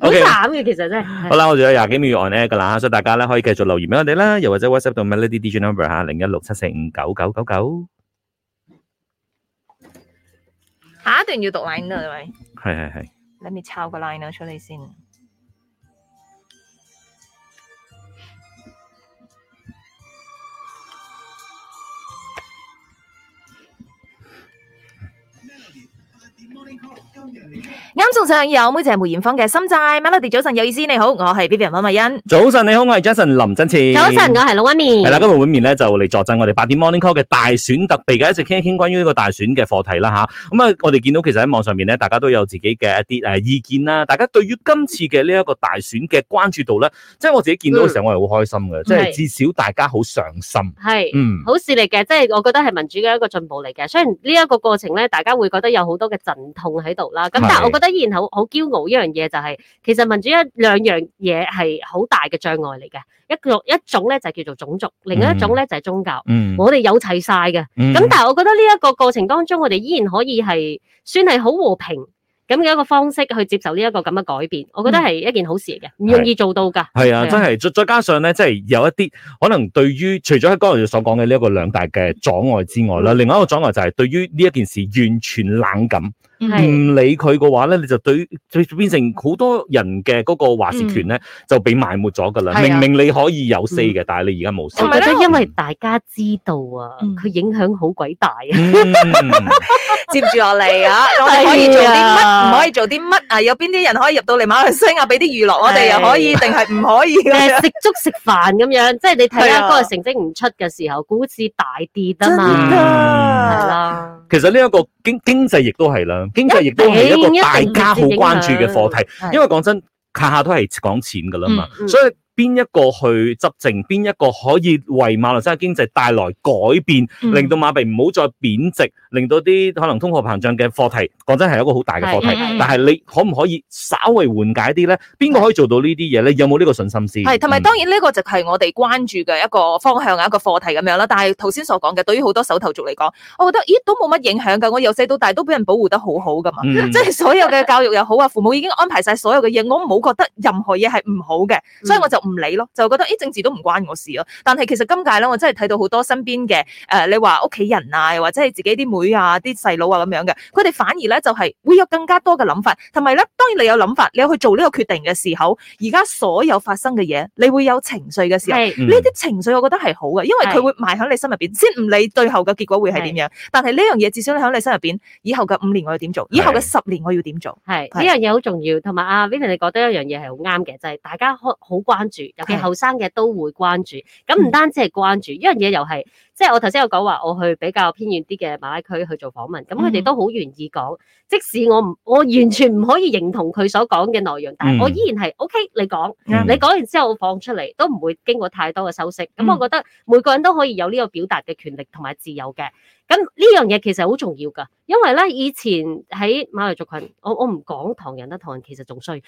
好慘嘅，其實真係。好啦，我仲有廿幾秒完咧個啦，所以大家咧可以繼續留言俾我哋啦，又或者 WhatsApp 到 Melody Digital Number 吓零一六七四五九九九九。下一段要讀 Line 啦，係咪？係係係。Let me 抄個 Line 出嚟先。啱送上有，妹姐梅艷芳嘅心債，Melody 早晨有意思，你好，我係 B B 温慧欣。早晨你好，我係 Jason 林振賜。早晨，我係老 ummy。係啦，今日晚面咧就嚟坐鎮我哋八點 Morning Call 嘅大選特備，嘅，一直傾一傾關於呢個大選嘅課題啦吓。咁啊，嗯、我哋見到其實喺網上面咧，大家都有自己嘅一啲誒、呃、意見啦。大家對於今次嘅呢一個大選嘅關注度咧，即係我自己見到嘅時候，我係好開心嘅，嗯、即係至少大家好上心。係是，嗯、好事嚟嘅，即係我覺得係民主嘅一個進步嚟嘅。雖然呢一個過程咧，大家會覺得有好多嘅陣痛喺度啦，咁但係我依然好好驕傲，一樣嘢就係、是，其實民主一兩樣嘢係好大嘅障礙嚟嘅，一個一種咧就叫做種族，另外一種咧就係宗教。嗯，我哋有齊晒嘅，咁、嗯、但係我覺得呢一個過程當中，我哋依然可以係算係好和平咁嘅一個方式去接受呢一個咁嘅改變，嗯、我覺得係一件好事嚟嘅，唔容易做到噶。係啊，是真係，再再加上咧，即係有一啲可能對於，除咗喺剛才所講嘅呢一個兩大嘅阻礙之外啦，另外一個阻礙就係對於呢一件事完全冷感。唔理佢嘅話咧，你就對，就變成好多人嘅嗰個話事權咧，就俾埋沒咗㗎啦。明明你可以有四嘅，但係你而家冇四。唔係咧，因為大家知道啊，佢影響好鬼大啊。接住落嚟啊，我哋可以做啲乜？唔可以做啲乜啊？有邊啲人可以入到嚟馬鞍山啊？俾啲娛樂我哋又可以，定係唔可以？誒食粥食飯咁樣，即係你睇下，嗰個成績唔出嘅時候，股市大跌啊嘛，係啦。其實呢一個經經濟亦都係啦。經濟亦都係一個大家好關注嘅課題，因為講真，下下都係講錢㗎喇嘛，嗯嗯，所以邊一個去執政，邊一個可以為馬來西亞經濟帶來改變，令到馬幣唔好再貶值。令到啲可能通貨膨脹嘅課題，講真係一個好大嘅課題。嗯嗯，但係你可唔可以稍為緩解啲咧？邊個可以做到呢啲嘢咧？有冇呢個信心先？係，同埋當然呢個就係我哋關注嘅一個方向，一個課題咁樣啦。但係頭先所講嘅，對於好多手頭族嚟講，我覺得咦，都冇乜影響㗎。我由細到大都俾人保護得好好㗎嘛，即係、嗯、所有嘅教育又好啊， 父母已經安排晒所有嘅嘢，我冇覺得任何嘢係唔好嘅，所以我就唔理咯，就覺得咦，政治都唔關我事咯。但係其實今屆咧，我真係睇到好多身邊嘅誒，你話屋企人啊，或者係自己啲佢啊，啲細佬啊，咁樣嘅，佢哋反而咧就係會有更加多嘅諗法，同埋咧，當然你有諗法，你有去做呢個決定嘅時候，而家所有發生嘅嘢，你會有情緒嘅時候，呢啲是情緒我覺得係好嘅，因為佢會埋喺你心入邊，是先唔理最後嘅結果會係點樣。是但係呢樣嘢至少你喺你心入邊，以後嘅五年我要點做，以後嘅十年我要點做，係呢樣嘢好重要。同埋阿 Vinny，你覺得一樣嘢係好啱嘅，就係、是、大家好關注，尤其後生嘅都會關注。咁唔是單止係關注，呢樣嘢又係。即係我頭先有講話，我去比較偏遠啲嘅馬拉區去做訪問，咁佢哋都好願意講，嗯、即使我唔，我完全唔可以認同佢所講嘅內容，嗯、但係我依然係 O K，你講，嗯、你講完之後我放出嚟，都唔會經過太多嘅修飾。咁、嗯、我覺得每個人都可以有呢個表達嘅權利同埋自由嘅。咁呢樣嘢其實好重要噶，因為咧以前喺馬來族群，我我唔講唐人啦，唐人其實仲衰，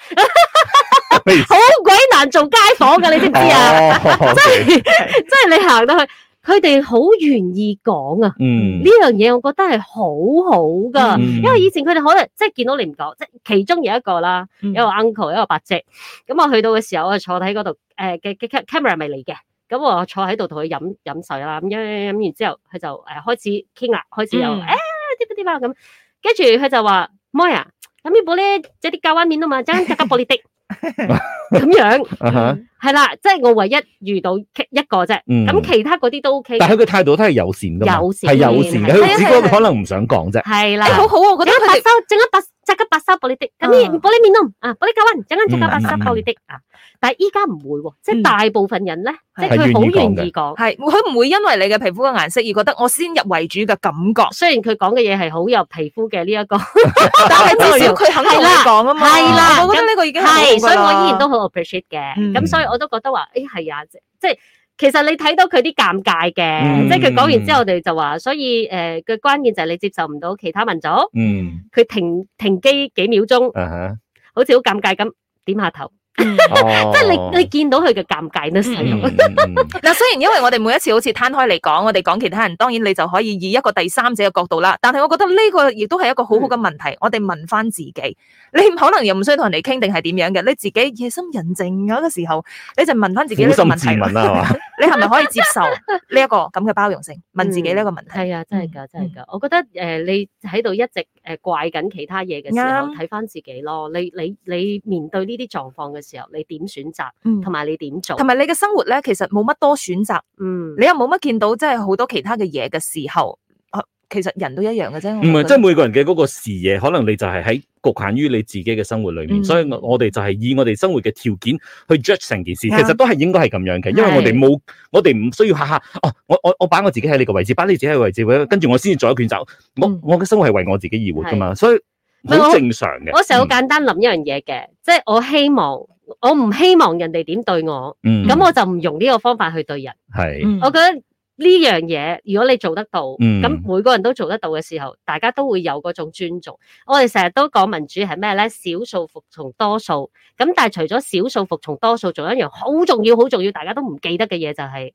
好鬼、嗯、 難做街訪噶，你知唔知啊？即係即係你行得去。佢哋好願意講啊，呢、嗯、樣嘢我覺得係好好噶，嗯、因為以前佢哋可能即係見到你唔講，即係其中有一個啦，嗯、有一個 uncle，一個伯仔，咁我去到嘅時候，我坐喺嗰度，誒、呃、嘅 camera 未嚟嘅，咁我坐喺度同佢飲飲水啦，咁、嗯、樣飲完之後，佢就誒開始傾啦，開始又誒點啲點咁，跟住佢就話：Moya，咁呢部咧即啲膠捲面啊嘛，將架玻璃的，咁樣。嗯 係啦，即係我唯一遇到一個啫，咁其他嗰啲都 OK。但係佢態度都係友善噶嘛，係友善嘅。只不過佢可能唔想講啫。係啦，好好我覺得白砂整間白整間白砂玻璃的咁啲玻璃面都啊玻璃膠，整間整間白砂玻璃的啊。但係依家唔會喎，即係大部分人咧，即係佢好願意講，係佢唔會因為你嘅皮膚嘅顏色而覺得我先入為主嘅感覺。雖然佢講嘅嘢係好有皮膚嘅呢一個，但係至少佢肯同你講啊嘛。係啦，我覺得呢個已經係，所以我依然都好 appreciate 嘅。咁所以我都覺得話，誒、哎、係啊，即即其實你睇到佢啲尷尬嘅，嗯、即佢講完之後，我哋就話，所以誒嘅、呃、關鍵就係你接受唔到其他民族，嗯，佢停停機幾秒鐘，啊、哈好似好尷尬咁，點下頭。即係你，你見到佢嘅尷尬都使用。嗱，雖然因為我哋每一次好似攤開嚟講，我哋講其他人，當然你就可以以一個第三者嘅角度啦。但係我覺得呢個亦都係一個好好嘅問題，嗯、我哋問翻自己。你可能又唔需要同人哋傾，定係點樣嘅？你自己夜深人靜嘅時候，你就問翻自己呢個問題啦，係嘛？ 你係咪可以接受呢一個咁嘅包容性？嗯、問自己呢個問題。係啊、嗯，真係噶，真係噶。我覺得誒、呃，你喺度一直誒怪緊其他嘢嘅時候，睇翻、嗯、自己咯。你面對呢啲狀況嘅。啱。睇翻自己咯。你你你面對呢啲狀況嘅時候你點選擇，同埋你點做，同埋、嗯、你嘅生活咧，其實冇乜多選擇。嗯，你又冇乜見到即係好多其他嘅嘢嘅時候、啊，其實人都一樣嘅啫。唔係，即係、就是、每個人嘅嗰個視野，可能你就係喺局限於你自己嘅生活裏面，嗯、所以我哋就係以我哋生活嘅條件去 judge 成件事，嗯、其實都係應該係咁樣嘅，因為我哋冇的、啊，我哋唔需要下下哦，我我我擺我自己喺你個位置，擺你自己喺個位置，跟住我先至做一拳手。我、嗯、我嘅生活係為我自己而活噶嘛，的所以。好正常嘅，我成日好簡單諗一樣嘢嘅，嗯、即係我希望我唔希望人哋點對我，咁、嗯、我就唔用呢個方法去對人。係，我覺得呢樣嘢，如果你做得到，咁、嗯、每個人都做得到嘅時候，大家都會有嗰種尊重。我哋成日都講民主係咩咧？少數服從多數，咁但係除咗少數服從多數，仲有一樣好重要、好重要，大家都唔記得嘅嘢就係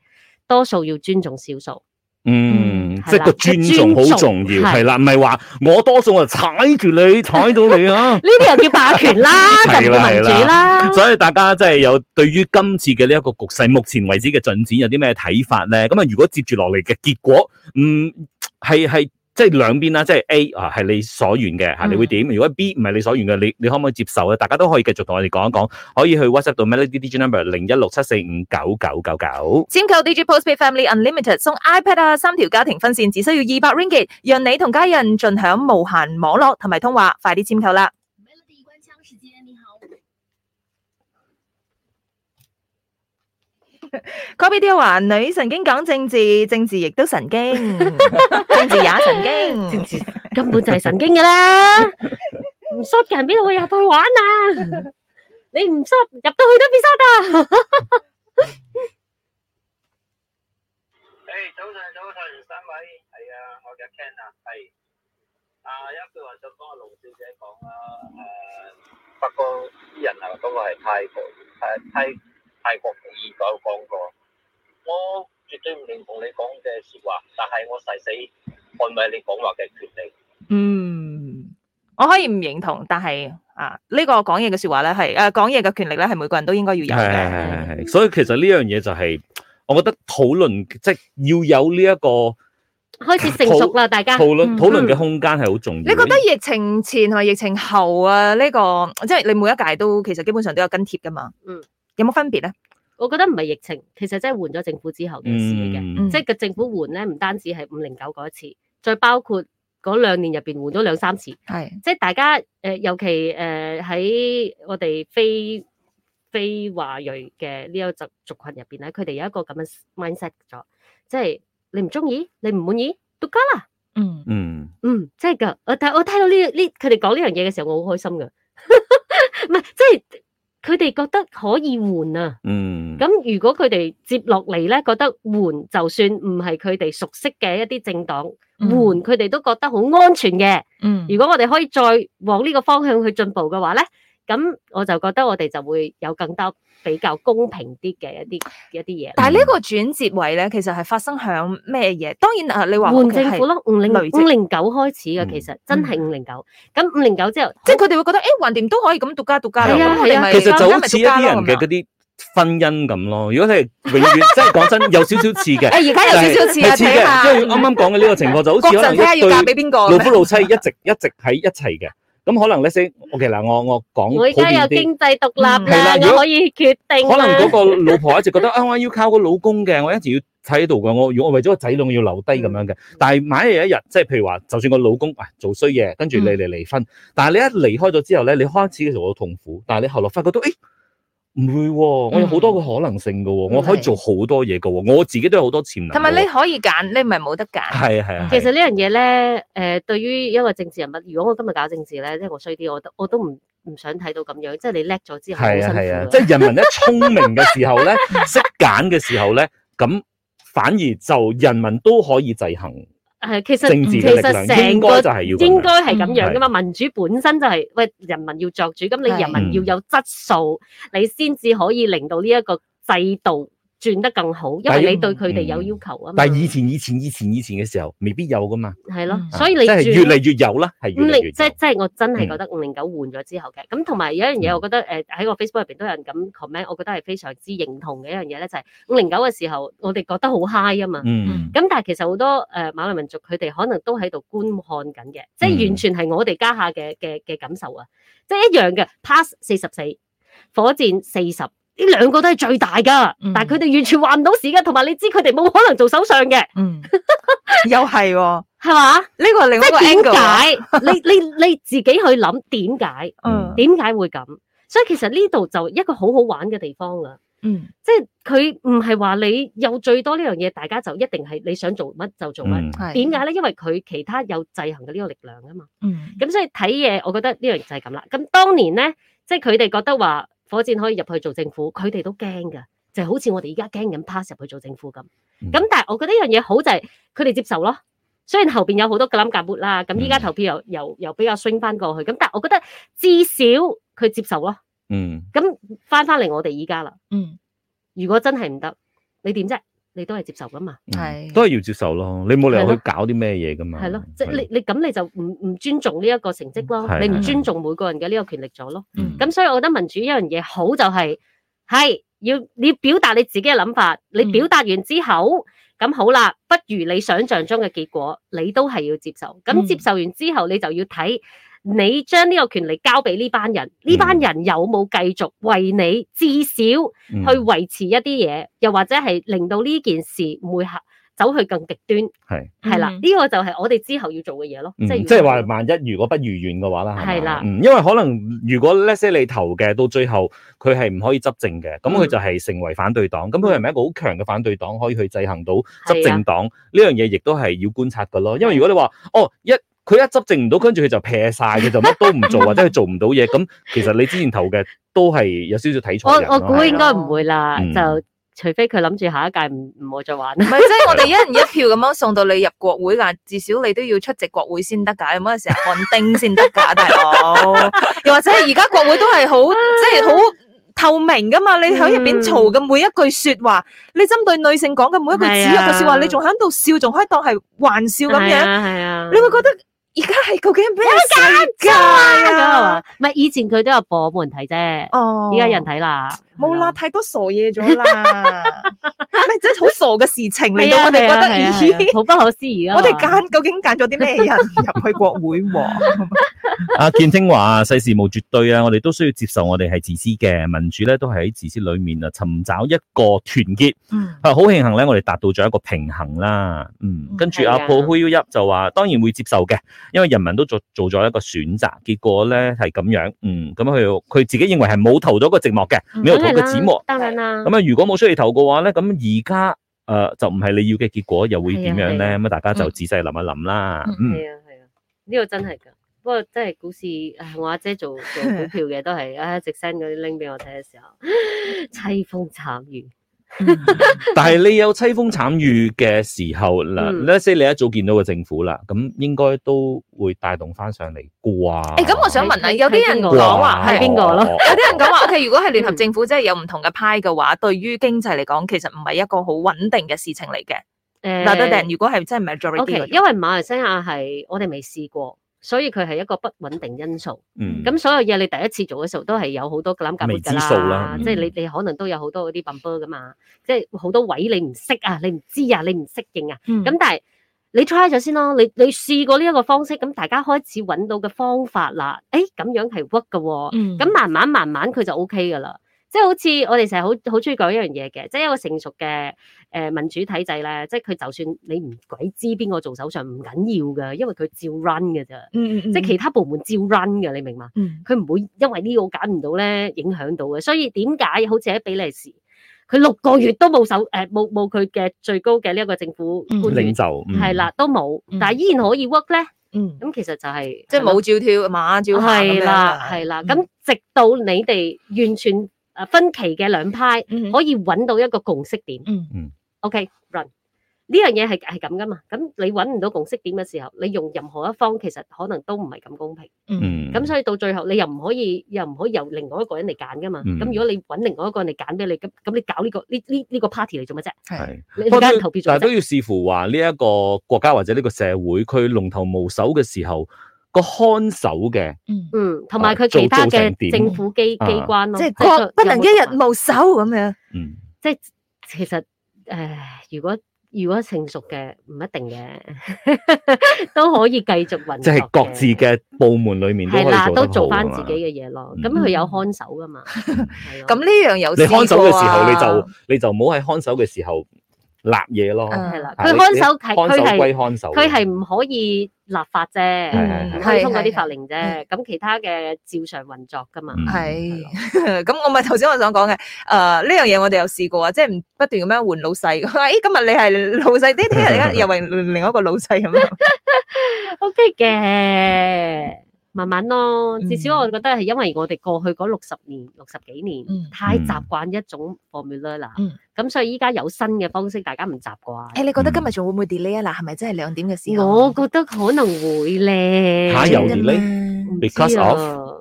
多數要尊重少數。嗯。嗯即係個尊重好重要係啦，唔係話我多數我就踩住你踩到你啊！呢啲 又叫霸權啦，特別係民主啦。所以大家即係有對於今次嘅呢一個局勢，目前為止嘅進展有啲咩睇法咧？咁啊，如果接住落嚟嘅結果，嗯，係係。是是即係兩邊啦，即係 A 啊係你所願嘅，你會點？嗯、如果 B 唔係你所願嘅，你你可唔可以接受？大家都可以繼續同我哋講一講，可以去 WhatsApp 到 Melody Digi Number 零一六七四五九九九九，簽購 Digi Postpaid Family Unlimited 送 iPad 啊，三條家庭分線，只需要二百 Ringgit，讓你同家人盡享無限網絡同埋通話，快啲簽購啦！copy 啲話女神經講政治，政治亦都神經，政治也神經，政治根本就係神經嘅啦。唔 shut 嘅人邊度會入到去玩啊？你唔 shut 入到去都必 shut 啊！誒，早晨，早晨，三位係啊，我叫 Ken 啊，係啊，一句話就幫阿龍小姐講啦，誒，不過啲人啊，嗰個係太過，太太。泰國已經講過，我絕對唔認同你講嘅説話，但係我誓死捍衞你講話嘅權利。嗯，我可以唔認同，但係啊，呢、這個講嘢嘅説話咧係誒講嘢嘅權利咧，係每個人都應該要有嘅。係係係。所以其實呢樣嘢就係、是，我覺得討論即係要有呢、這、一個開始成熟啦，討大家討論討論嘅空間係好重要的、嗯。你覺得疫情前同埋疫情後啊，呢、這個即係你每一屆都其實基本上都有跟貼噶嘛？嗯。有冇分別咧？我覺得唔係疫情，其實真係換咗政府之後嘅事嘅，即係個政府換咧，唔單止係五零九嗰一次，再包括嗰兩年入邊換咗兩三次，係即係大家誒、呃，尤其誒喺、呃、我哋非非華裔嘅呢一個族群入邊咧，佢哋有一個咁嘅 mindset 咗、就是，即係你唔中意，你唔滿意，都家啦。嗯嗯嗯，即係噶！我聽我聽到呢呢，佢哋講呢樣嘢嘅時候，我好開心噶，唔係即係。就是佢哋覺得可以換啊，咁如果佢哋接落嚟咧，覺得換就算唔係佢哋熟悉嘅一啲政黨，換佢哋都覺得好安全嘅。嗯，如果我哋可以再往呢個方向去進步嘅話咧。咁我就覺得我哋就會有更多比較公平啲嘅一啲一啲嘢。但係呢個轉折位咧，其實係發生響咩嘢？當然，你話換政府咯，五零五零九開始嘅，其實真係五零九。咁五零九之後，即係佢哋會覺得，誒，橫掂都可以咁獨家，獨家。係啊係啊，其實就好似一啲人嘅嗰啲婚姻咁咯。如果你係永遠，即係講真，有少少似嘅。誒，而家有少少似啊，似嘅。因為啱啱講嘅呢個情況就好似可能一對老夫老妻一直一直喺一齊嘅。咁、嗯、可能呢啲，OK 嗱，我我講普遍啲。我而家有經濟獨立啦，嗯、我可以決定可能嗰個老婆一直覺得啊、 哎，我要靠個老公嘅，我一直要喺度嘅，我我為咗個仔女要留低咁樣嘅。但係萬一有一日，即、就、係、是、譬如話，就算個老公啊、哎、做衰嘢，跟住你嚟離婚。嗯、但係你一離開咗之後呢，你開始嘅時候好痛苦，但係你後來發覺到，誒、哎。唔會喎，我有好多個可能性㗎喎，我可以做好多嘢㗎喎，我自己都有好多潛能。同埋你可以揀，你唔係冇得揀。係啊係啊，其實呢樣嘢咧，誒，對於一個政治人物，如果我今日搞政治咧，即係我衰啲，我都我都唔唔想睇到咁樣，即係你叻咗之後好辛苦。係啊係啊，即係人民一聰明嘅時候咧，識揀嘅時候咧，咁反而就人民都可以制衡。其實其實成個應該，應該係噉樣㗎嘛，是的民主本身就係喂人民要作主，咁是的 你人民要有質素，是的 你先至可以令到呢一個制度。轉得更好，因為你對佢哋有要求啊嘛。嗯、但係以前以前以前以前嘅時候，未必有㗎嘛。係咯，所以你、啊即係、越嚟越有啦，係越嚟越有。五零即即係我真係覺得五零九換咗之後嘅，咁同埋有一樣嘢，我覺得誒喺個、嗯呃、Facebook 入邊都有人咁 comment，我覺得係非常之認同嘅一樣嘢咧，就係五零九嘅時候，我哋覺得好 high 啊嘛。咁、嗯、但係其實好多誒、呃、馬來民族佢哋可能都喺度觀看緊嘅，嗯、即係完全係我哋家下嘅嘅嘅感受啊，即係一樣嘅。Pass 四十四，火箭四十。呢兩個都係最大噶，但係佢哋完全話唔到事嘅，同埋你知佢哋冇可能做首相嘅、嗯，又係喎、哦，係嘛 吧？呢個係另外一個點解？ 你你你自己去諗點解？點解、嗯、會咁？所以其實呢度就一個好好玩嘅地方喇，嗯，即係佢唔係話你有最多呢樣嘢，大家就一定係你想做乜就做乜。點解咧？為呢的因為佢其他有制衡嘅呢個力量啊嘛。嗯，咁所以睇嘢，我覺得呢樣就係咁啦。咁當年咧，即係佢哋覺得話。火箭可以入去做政府，佢哋都驚㗎，就好似我哋依家驚咁 pass 入去做政府咁。咁、嗯、但係我覺得呢樣嘢好就係佢哋接受咯，雖然後邊有好多嘅諗夾末啦，咁依家投票又又又比較 swing 翻過去，咁但係我覺得至少佢接受咯。嗯，咁翻翻嚟我哋依家啦。嗯，如果真係唔得，你點啫？你都係接受噶嘛？係都係要接受咯。你冇理由去搞啲咩嘢噶嘛？係咯，即係你你咁你就唔唔尊重呢一個成績咯。你唔尊重每個人嘅呢個權力咗咯。咁所以我覺得民主一樣嘢好就係係要你表達你自己嘅諗法。你表達完之後咁好啦，不如你想象中嘅結果，你都係要接受。咁接受完之後，你就要睇。你將呢個權利交俾呢班人，呢班人有冇繼續為你至少去維持一啲嘢，又或者係令到呢件事唔會走去更極端？係係啦，呢個就係我哋之後要做嘅嘢咯。即係即係話，萬一如果不如願嘅話啦，係啦，因為可能如果呢啲你投嘅到最後佢係唔可以執政嘅，咁佢就係成為反對黨，咁佢係咪一個好強嘅反對黨可以去制衡到執政黨呢樣嘢，亦都係要觀察㗎咯。因為如果你話哦一。佢一執政唔到，跟住佢就撇曬嘅，就乜都唔做，或者佢做唔到嘢。咁其實你之前投嘅都係有少少睇錯嘅。我我估應該唔會啦，就除非佢諗住下一屆唔唔好再玩。唔係，即係我哋一人一票咁樣送到你入國會噶，至少你都要出席國會先得㗎，有冇成日按定先得㗎，大佬。又或者係而家國會都係好即係好透明㗎嘛？你喺入邊嘈嘅每一句説話，你針對女性講嘅每一句指責嘅説話，你仲喺度笑，仲可以當係玩笑咁樣？係啊係啊，你會覺得。而家係究竟咩事噶？唔係、啊啊、以前佢都有播門睇啫，哦，而家人睇啦，冇啦了，吧太多傻嘢咗啦。 係真係好傻嘅事情，令 到我哋覺得咦，好不可思議啊！我哋揀究竟揀咗啲咩人入去國會喎 啊、建清話：世事無絕對啊，我哋都需要接受我哋係自私嘅民主咧，都係喺自私裏面啊，尋找一個團結。嗯、啊，好慶幸咧，我哋達到咗一個平衡啦。嗯，嗯跟住阿 Paul 就話：當然會接受嘅，因為人民都做做咗一個選擇，結果咧係咁樣。嗯，咁佢佢自己認為係冇投到個寂寞嘅，你又投個寂寞。當然啦。咁啊、嗯，嗯、的的如果冇需要投嘅話咧，咁而家誒就唔係你要嘅結果，又會點樣咧？咁啊，啊大家就仔細諗一諗啦。嗯，係啊係啊，呢個、啊、真係噶。不過真係股市，哎、我阿姐做做股票嘅都係啊，啊一直 send 嗰啲拎俾我睇嘅時候，凄風慘雨。 但係你有淒風慘雨嘅時候嗱，呢 你一早見到個政府啦，咁應該都會帶動翻上嚟啩？誒，咁我想問下，是有啲人講話係邊個咯？有啲人講話 ，OK，如果係聯合政府即係有唔同嘅派嘅話，對於經濟嚟講，其實唔係一個好穩定嘅事情嚟嘅。誒、呃，嗱，等等，如果係真係 majority，okay, 因為馬來西亞係我哋未試過。所以佢係一個不穩定因素。嗯。咁所有嘢你第一次做嘅時候都係有好多攣夾嘅啦。未知數啦，嗯、即係你你可能都有好多嗰啲 bounce 噶嘛，即係好多位你唔識啊，你唔知啊，你唔適應啊。咁、嗯、但係你 try 咗先咯，你你試過呢一個方式，咁大家開始揾到嘅方法啦。誒、哎，咁樣係 work 嘅喎。咁、嗯、慢慢慢慢佢就 OK 噶啦，即係好似我哋成日好好中意講一樣嘢嘅，即係一個成熟嘅。誒、呃、民主體制咧，即係佢就算你唔鬼知邊個做首相唔緊要噶，因為佢照 run 噶啫。嗯嗯、即係其他部門照 run 噶，你明嘛？嗯，佢唔會因為呢個揀唔到咧影響到嘅。所以點解好似喺比利時，佢六個月都冇首誒冇冇佢嘅最高嘅呢一個政府領袖？係啦都冇，但係依然可以 work 咧。嗯，咁其實就係、是、即係冇照跳馬照跳。係啦係啦，咁、嗯、直到你哋完全分歧嘅兩派、嗯、可以揾到一個共識點。嗯嗯。嗯 O.K. run 呢樣嘢，係係咁噶嘛？咁你搵唔到共識點嘅時候，你用任何一方，其實可能都唔係咁公平。嗯，咁所以到最後，你又唔可以，又唔可以由另外一個人嚟揀噶嘛？咁、嗯、如果你搵另外一個人嚟揀俾你，咁咁你搞呢、這個呢呢呢個 party 嚟做乜啫？係你而家投票但就都要視乎話呢一個國家或者呢個社會，佢龍頭無首嘅時候，個看守嘅，嗯同埋佢其他嘅、啊、政府機機關咯，即係不能一日無首咁樣。嗯，即係、嗯、其實。誒，如果如果成熟嘅唔一定嘅， 都可以繼續運作。即係各自嘅部門裏面係啦，都做翻自己嘅嘢咯。咁佢、嗯、有看守噶嘛？咁呢、嗯、的 樣有、啊。你看守嘅時候，你就你就唔好喺看守嘅時候。立嘢咯，係啦、啊，佢看守係佢係，佢係唔可以立法啫，係通過啲法令啫。咁其他嘅照常運作噶嘛，係的。咁的、嗯、 我咪頭先我想講嘅，誒呢樣嘢我哋有試過啊，即係唔不斷咁樣換老細。誒、哎，今日你係老細呢，聽日又為另外一個老細咁樣。O K 嘅。慢慢咯，至少我覺得係因為我哋過去嗰六十年、六十幾年、嗯、太習慣一種 formula 啦，咁、嗯、所以依家有新嘅方式，大家唔習慣。誒，你覺得今日仲會唔會 delay 啊？嗱、嗯，係咪真係兩點嘅事？我覺得可能會咧，太有 delay？Because of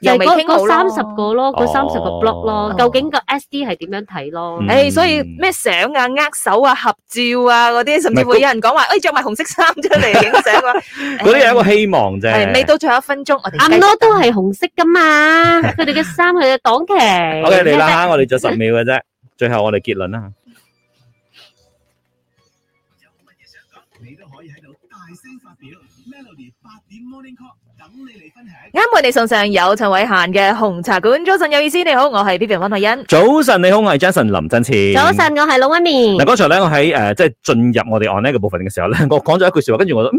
就係嗰三十個咯，嗰三十個 block 咯，究竟個 SD 係點樣睇咯？誒，所以咩相啊、握手啊、合照啊嗰啲，甚至會有人講話：誒著埋紅色衫出嚟影相。嗰啲係一個希望啫。未到最後一分鐘，啱多都係紅色噶嘛，佢哋嘅衫係嘅檔期。OK，嚟啦，我哋着十秒嘅啫，最後我哋結論啦。有乜嘢想講，你都可以喺度大聲發表。Melody，八點 Morning Call。啱我哋送上由陳偉嫻嘅紅茶館，早晨有意思。你好，我係 B B 溫佩欣。早晨，你好，我係 Jason 林振前。早晨，我係老溫面。嗱，剛才咧，我喺誒，即係進入我哋 online 嘅部分嘅時候咧，我講咗一句說話，跟住我都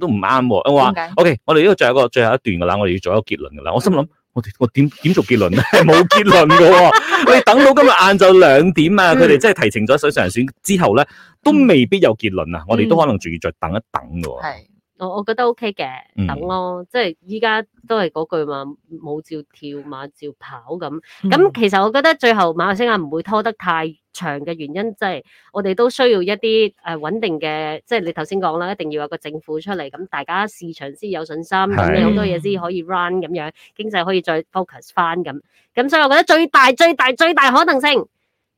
都唔啱。我話 O K，我哋呢度仲有個最後一段噶啦，我哋要做一個結論噶啦。我心諗，我哋我點點做結論咧？冇結論噶，我哋等到今日晏晝兩點啊，佢哋即係提前咗首相人選之後咧，都未必有結論啊。我哋都可能仲要再等一等噶。係。我我覺得 OK 嘅，等咯，嗯，即係依家都係嗰句嘛，冇照跳，馬照跑咁。咁其實我覺得最後馬來西亞唔會拖得太長嘅原因，即係我哋都需要一啲誒穩定嘅，即係你頭先講啦，一定要有個政府出嚟，咁大家市場先有信心，咁好多嘢先可以 run 咁樣，經濟可以再 focus 返咁。咁所以我覺得最大最大最大可能性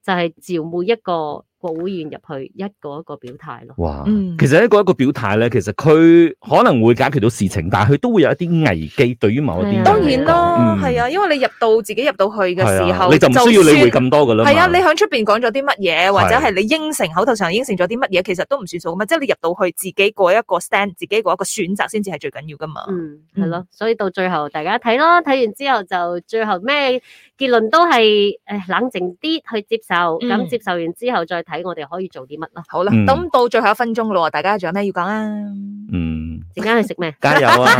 就係召募一個。個會員入去一個一個表態咯。哇，嗯、其實一個一個表態咧，其實佢可能會解決到事情，但係佢都會有一啲危機對於某啲，當然咯，係啊、嗯，因為你入到自己入到去嘅時候，你就唔需要理會咁多噶啦。係啊，你響出邊講咗啲乜嘢，或者係你應承是口頭上應承咗啲乜嘢，其實都唔算數噶嘛。即、就、係、是、你入到去自己過一個 stand，自己過一個選擇先至係最緊要噶嘛。嗯，係咯，所以到最後大家睇咯，睇完之後就最後咩結論都係誒冷靜啲去接受，咁、嗯、接受完之後再。睇我哋可以做啲乜咯，好啦吧，咁，嗯，到最後一分鐘咯。大家仲有咩要講啊？嗯，陣間去食咩？加油啊！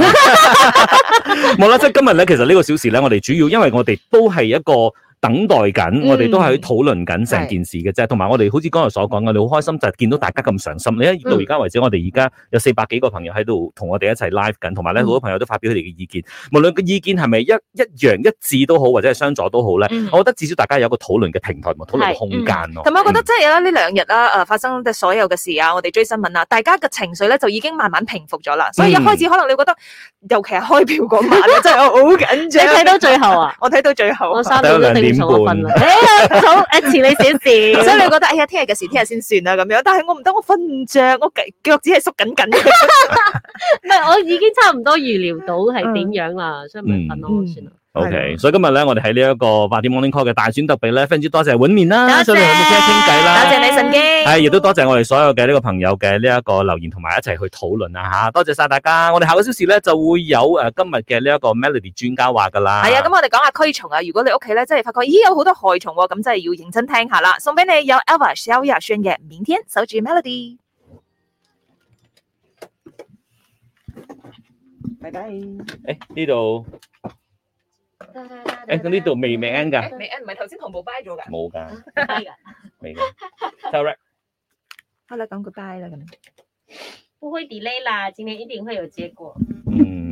冇啦，即係今日咧，其實呢個小時咧，我哋主要，因為我哋都係一個。等待緊，我哋都係去討論緊成件事嘅啫。同埋我哋好似剛才所講嘅，你好開心就係見到大家咁上心。你一到而家為止，我哋而家有四百幾個朋友喺度同我哋一齊 live 緊，同埋咧好多朋友都發表佢哋嘅意見。無論個意見係咪一一樣一致都好，或者係相左都好咧，我覺得至少大家有個討論嘅平台同討論嘅空間咯。同埋我覺得即係啦，呢兩日啦，誒發生嘅所有嘅事啊，我哋追新聞啊，大家嘅情緒咧就已經慢慢平復咗啦。所以一開始可能你覺得，尤其係開票嗰晚真係好緊張。你睇到最後啊，我睇到最後，我點送我瞓啦？好、 哎，早，遲你少時， 所以你覺得，哎呀，聽日嘅事聽日先算啦、啊，咁樣。但係我唔得，我瞓唔着，我腳趾係縮緊緊。唔係， 我已經差唔多預料到係點樣啦，嗯、所以咪瞓我算啦。O.K.，的所以今日咧，我哋喺呢一個八點 Morning Call 嘅大選特備咧，非常之多謝碗面啦，多謝傾偈啦，多謝你，神經，係亦都多謝我哋所有嘅呢個朋友嘅呢一個留言同埋一齊去討論啊吓，多謝晒大家。我哋下個小時咧就會有誒、啊、今日嘅呢一個 Melody 專家話噶啦。係啊，咁我哋講下驅蟲啊。如果你屋企咧真係發覺、啊，咦有好多害蟲，咁真係要認真聽下啦。送俾你有 Eva Shelly Sun 嘅明天守住 Melody。拜拜 bye。誒呢度。這裡誒，咁呢度未名噶，未名、欸，唔係頭先同步 buy 咗噶？冇噶的，未噶 sorry 好啦，講 goodbye 啦咁，不會 delay 啦，今年一定會有結果。嗯。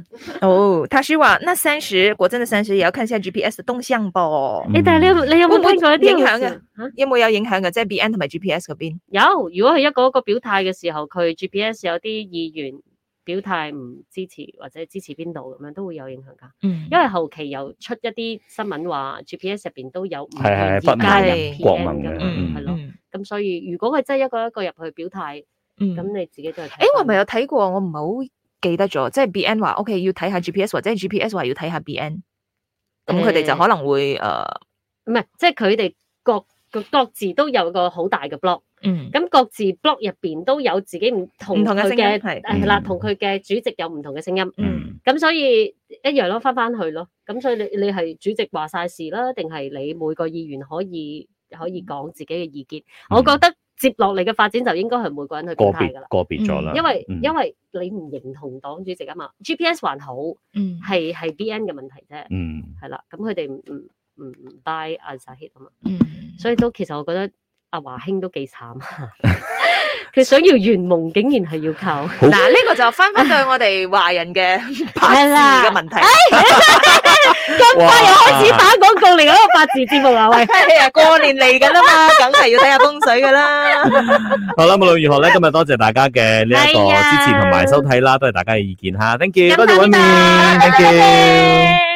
哦，塔斯瓦，那三十果真的三十，也要看下 GPS 的動向噃、欸。你但係你你有冇聽過啲影響嘅？有冇有影響嘅？即係 B N 同埋 G P S 嗰邊。有，如果係一個一個表態嘅時候，佢 G P S 有啲議員。表態唔支持或者支持邊度咁樣都會有影響噶，嗯、因為後期又出一啲新聞話 GPS 入邊都有唔同意見，係國民嘅，係咯的，咁、嗯、所以如果佢真係一個一個入去表態，咁、嗯、你自己就誒、欸，我係咪有睇過，我唔係好記得咗，即、就、係、是、BN 話 OK 要睇下 GPS 或者 GPS 話要睇下 BN，咁佢哋就可能會誒，唔係、欸，即係佢哋各各各自都有個好大嘅 block。嗯，咁各自 block 入邊都有自己唔同唔同嘅聲音係，係啦，同佢嘅主席有唔同嘅聲音。嗯，咁所以一樣咯，翻翻去咯。咁所以你你係主席話晒事啦，定係你每個議員可以可以講自己嘅意見？嗯、我覺得接落嚟嘅發展就應該係每個人去表態噶啦，個別咗啦。因為、嗯、因為你唔認同黨主席啊嘛，GPS 還好，嗯，係係 BN 嘅問題啫，嗯，係啦。咁佢哋唔唔唔唔 buy a n s 啊嘛，嗯，所以都其實我覺得。阿華興都幾慘，佢 想要圓夢，竟然係要靠，嗱呢好、啊這個就翻翻對我哋華人嘅八字嘅問題。咁快又開始打廣告嚟嗰個八字節目啦、啊，喂，係啊、 哎，過年嚟緊啦嘛，梗係要睇下風水噶啦。好啦，無論如何咧，今日多謝大家嘅呢一個支持同埋、哎、呀收睇啦，多謝大家嘅意見哈，再見，多謝搵面，Thank you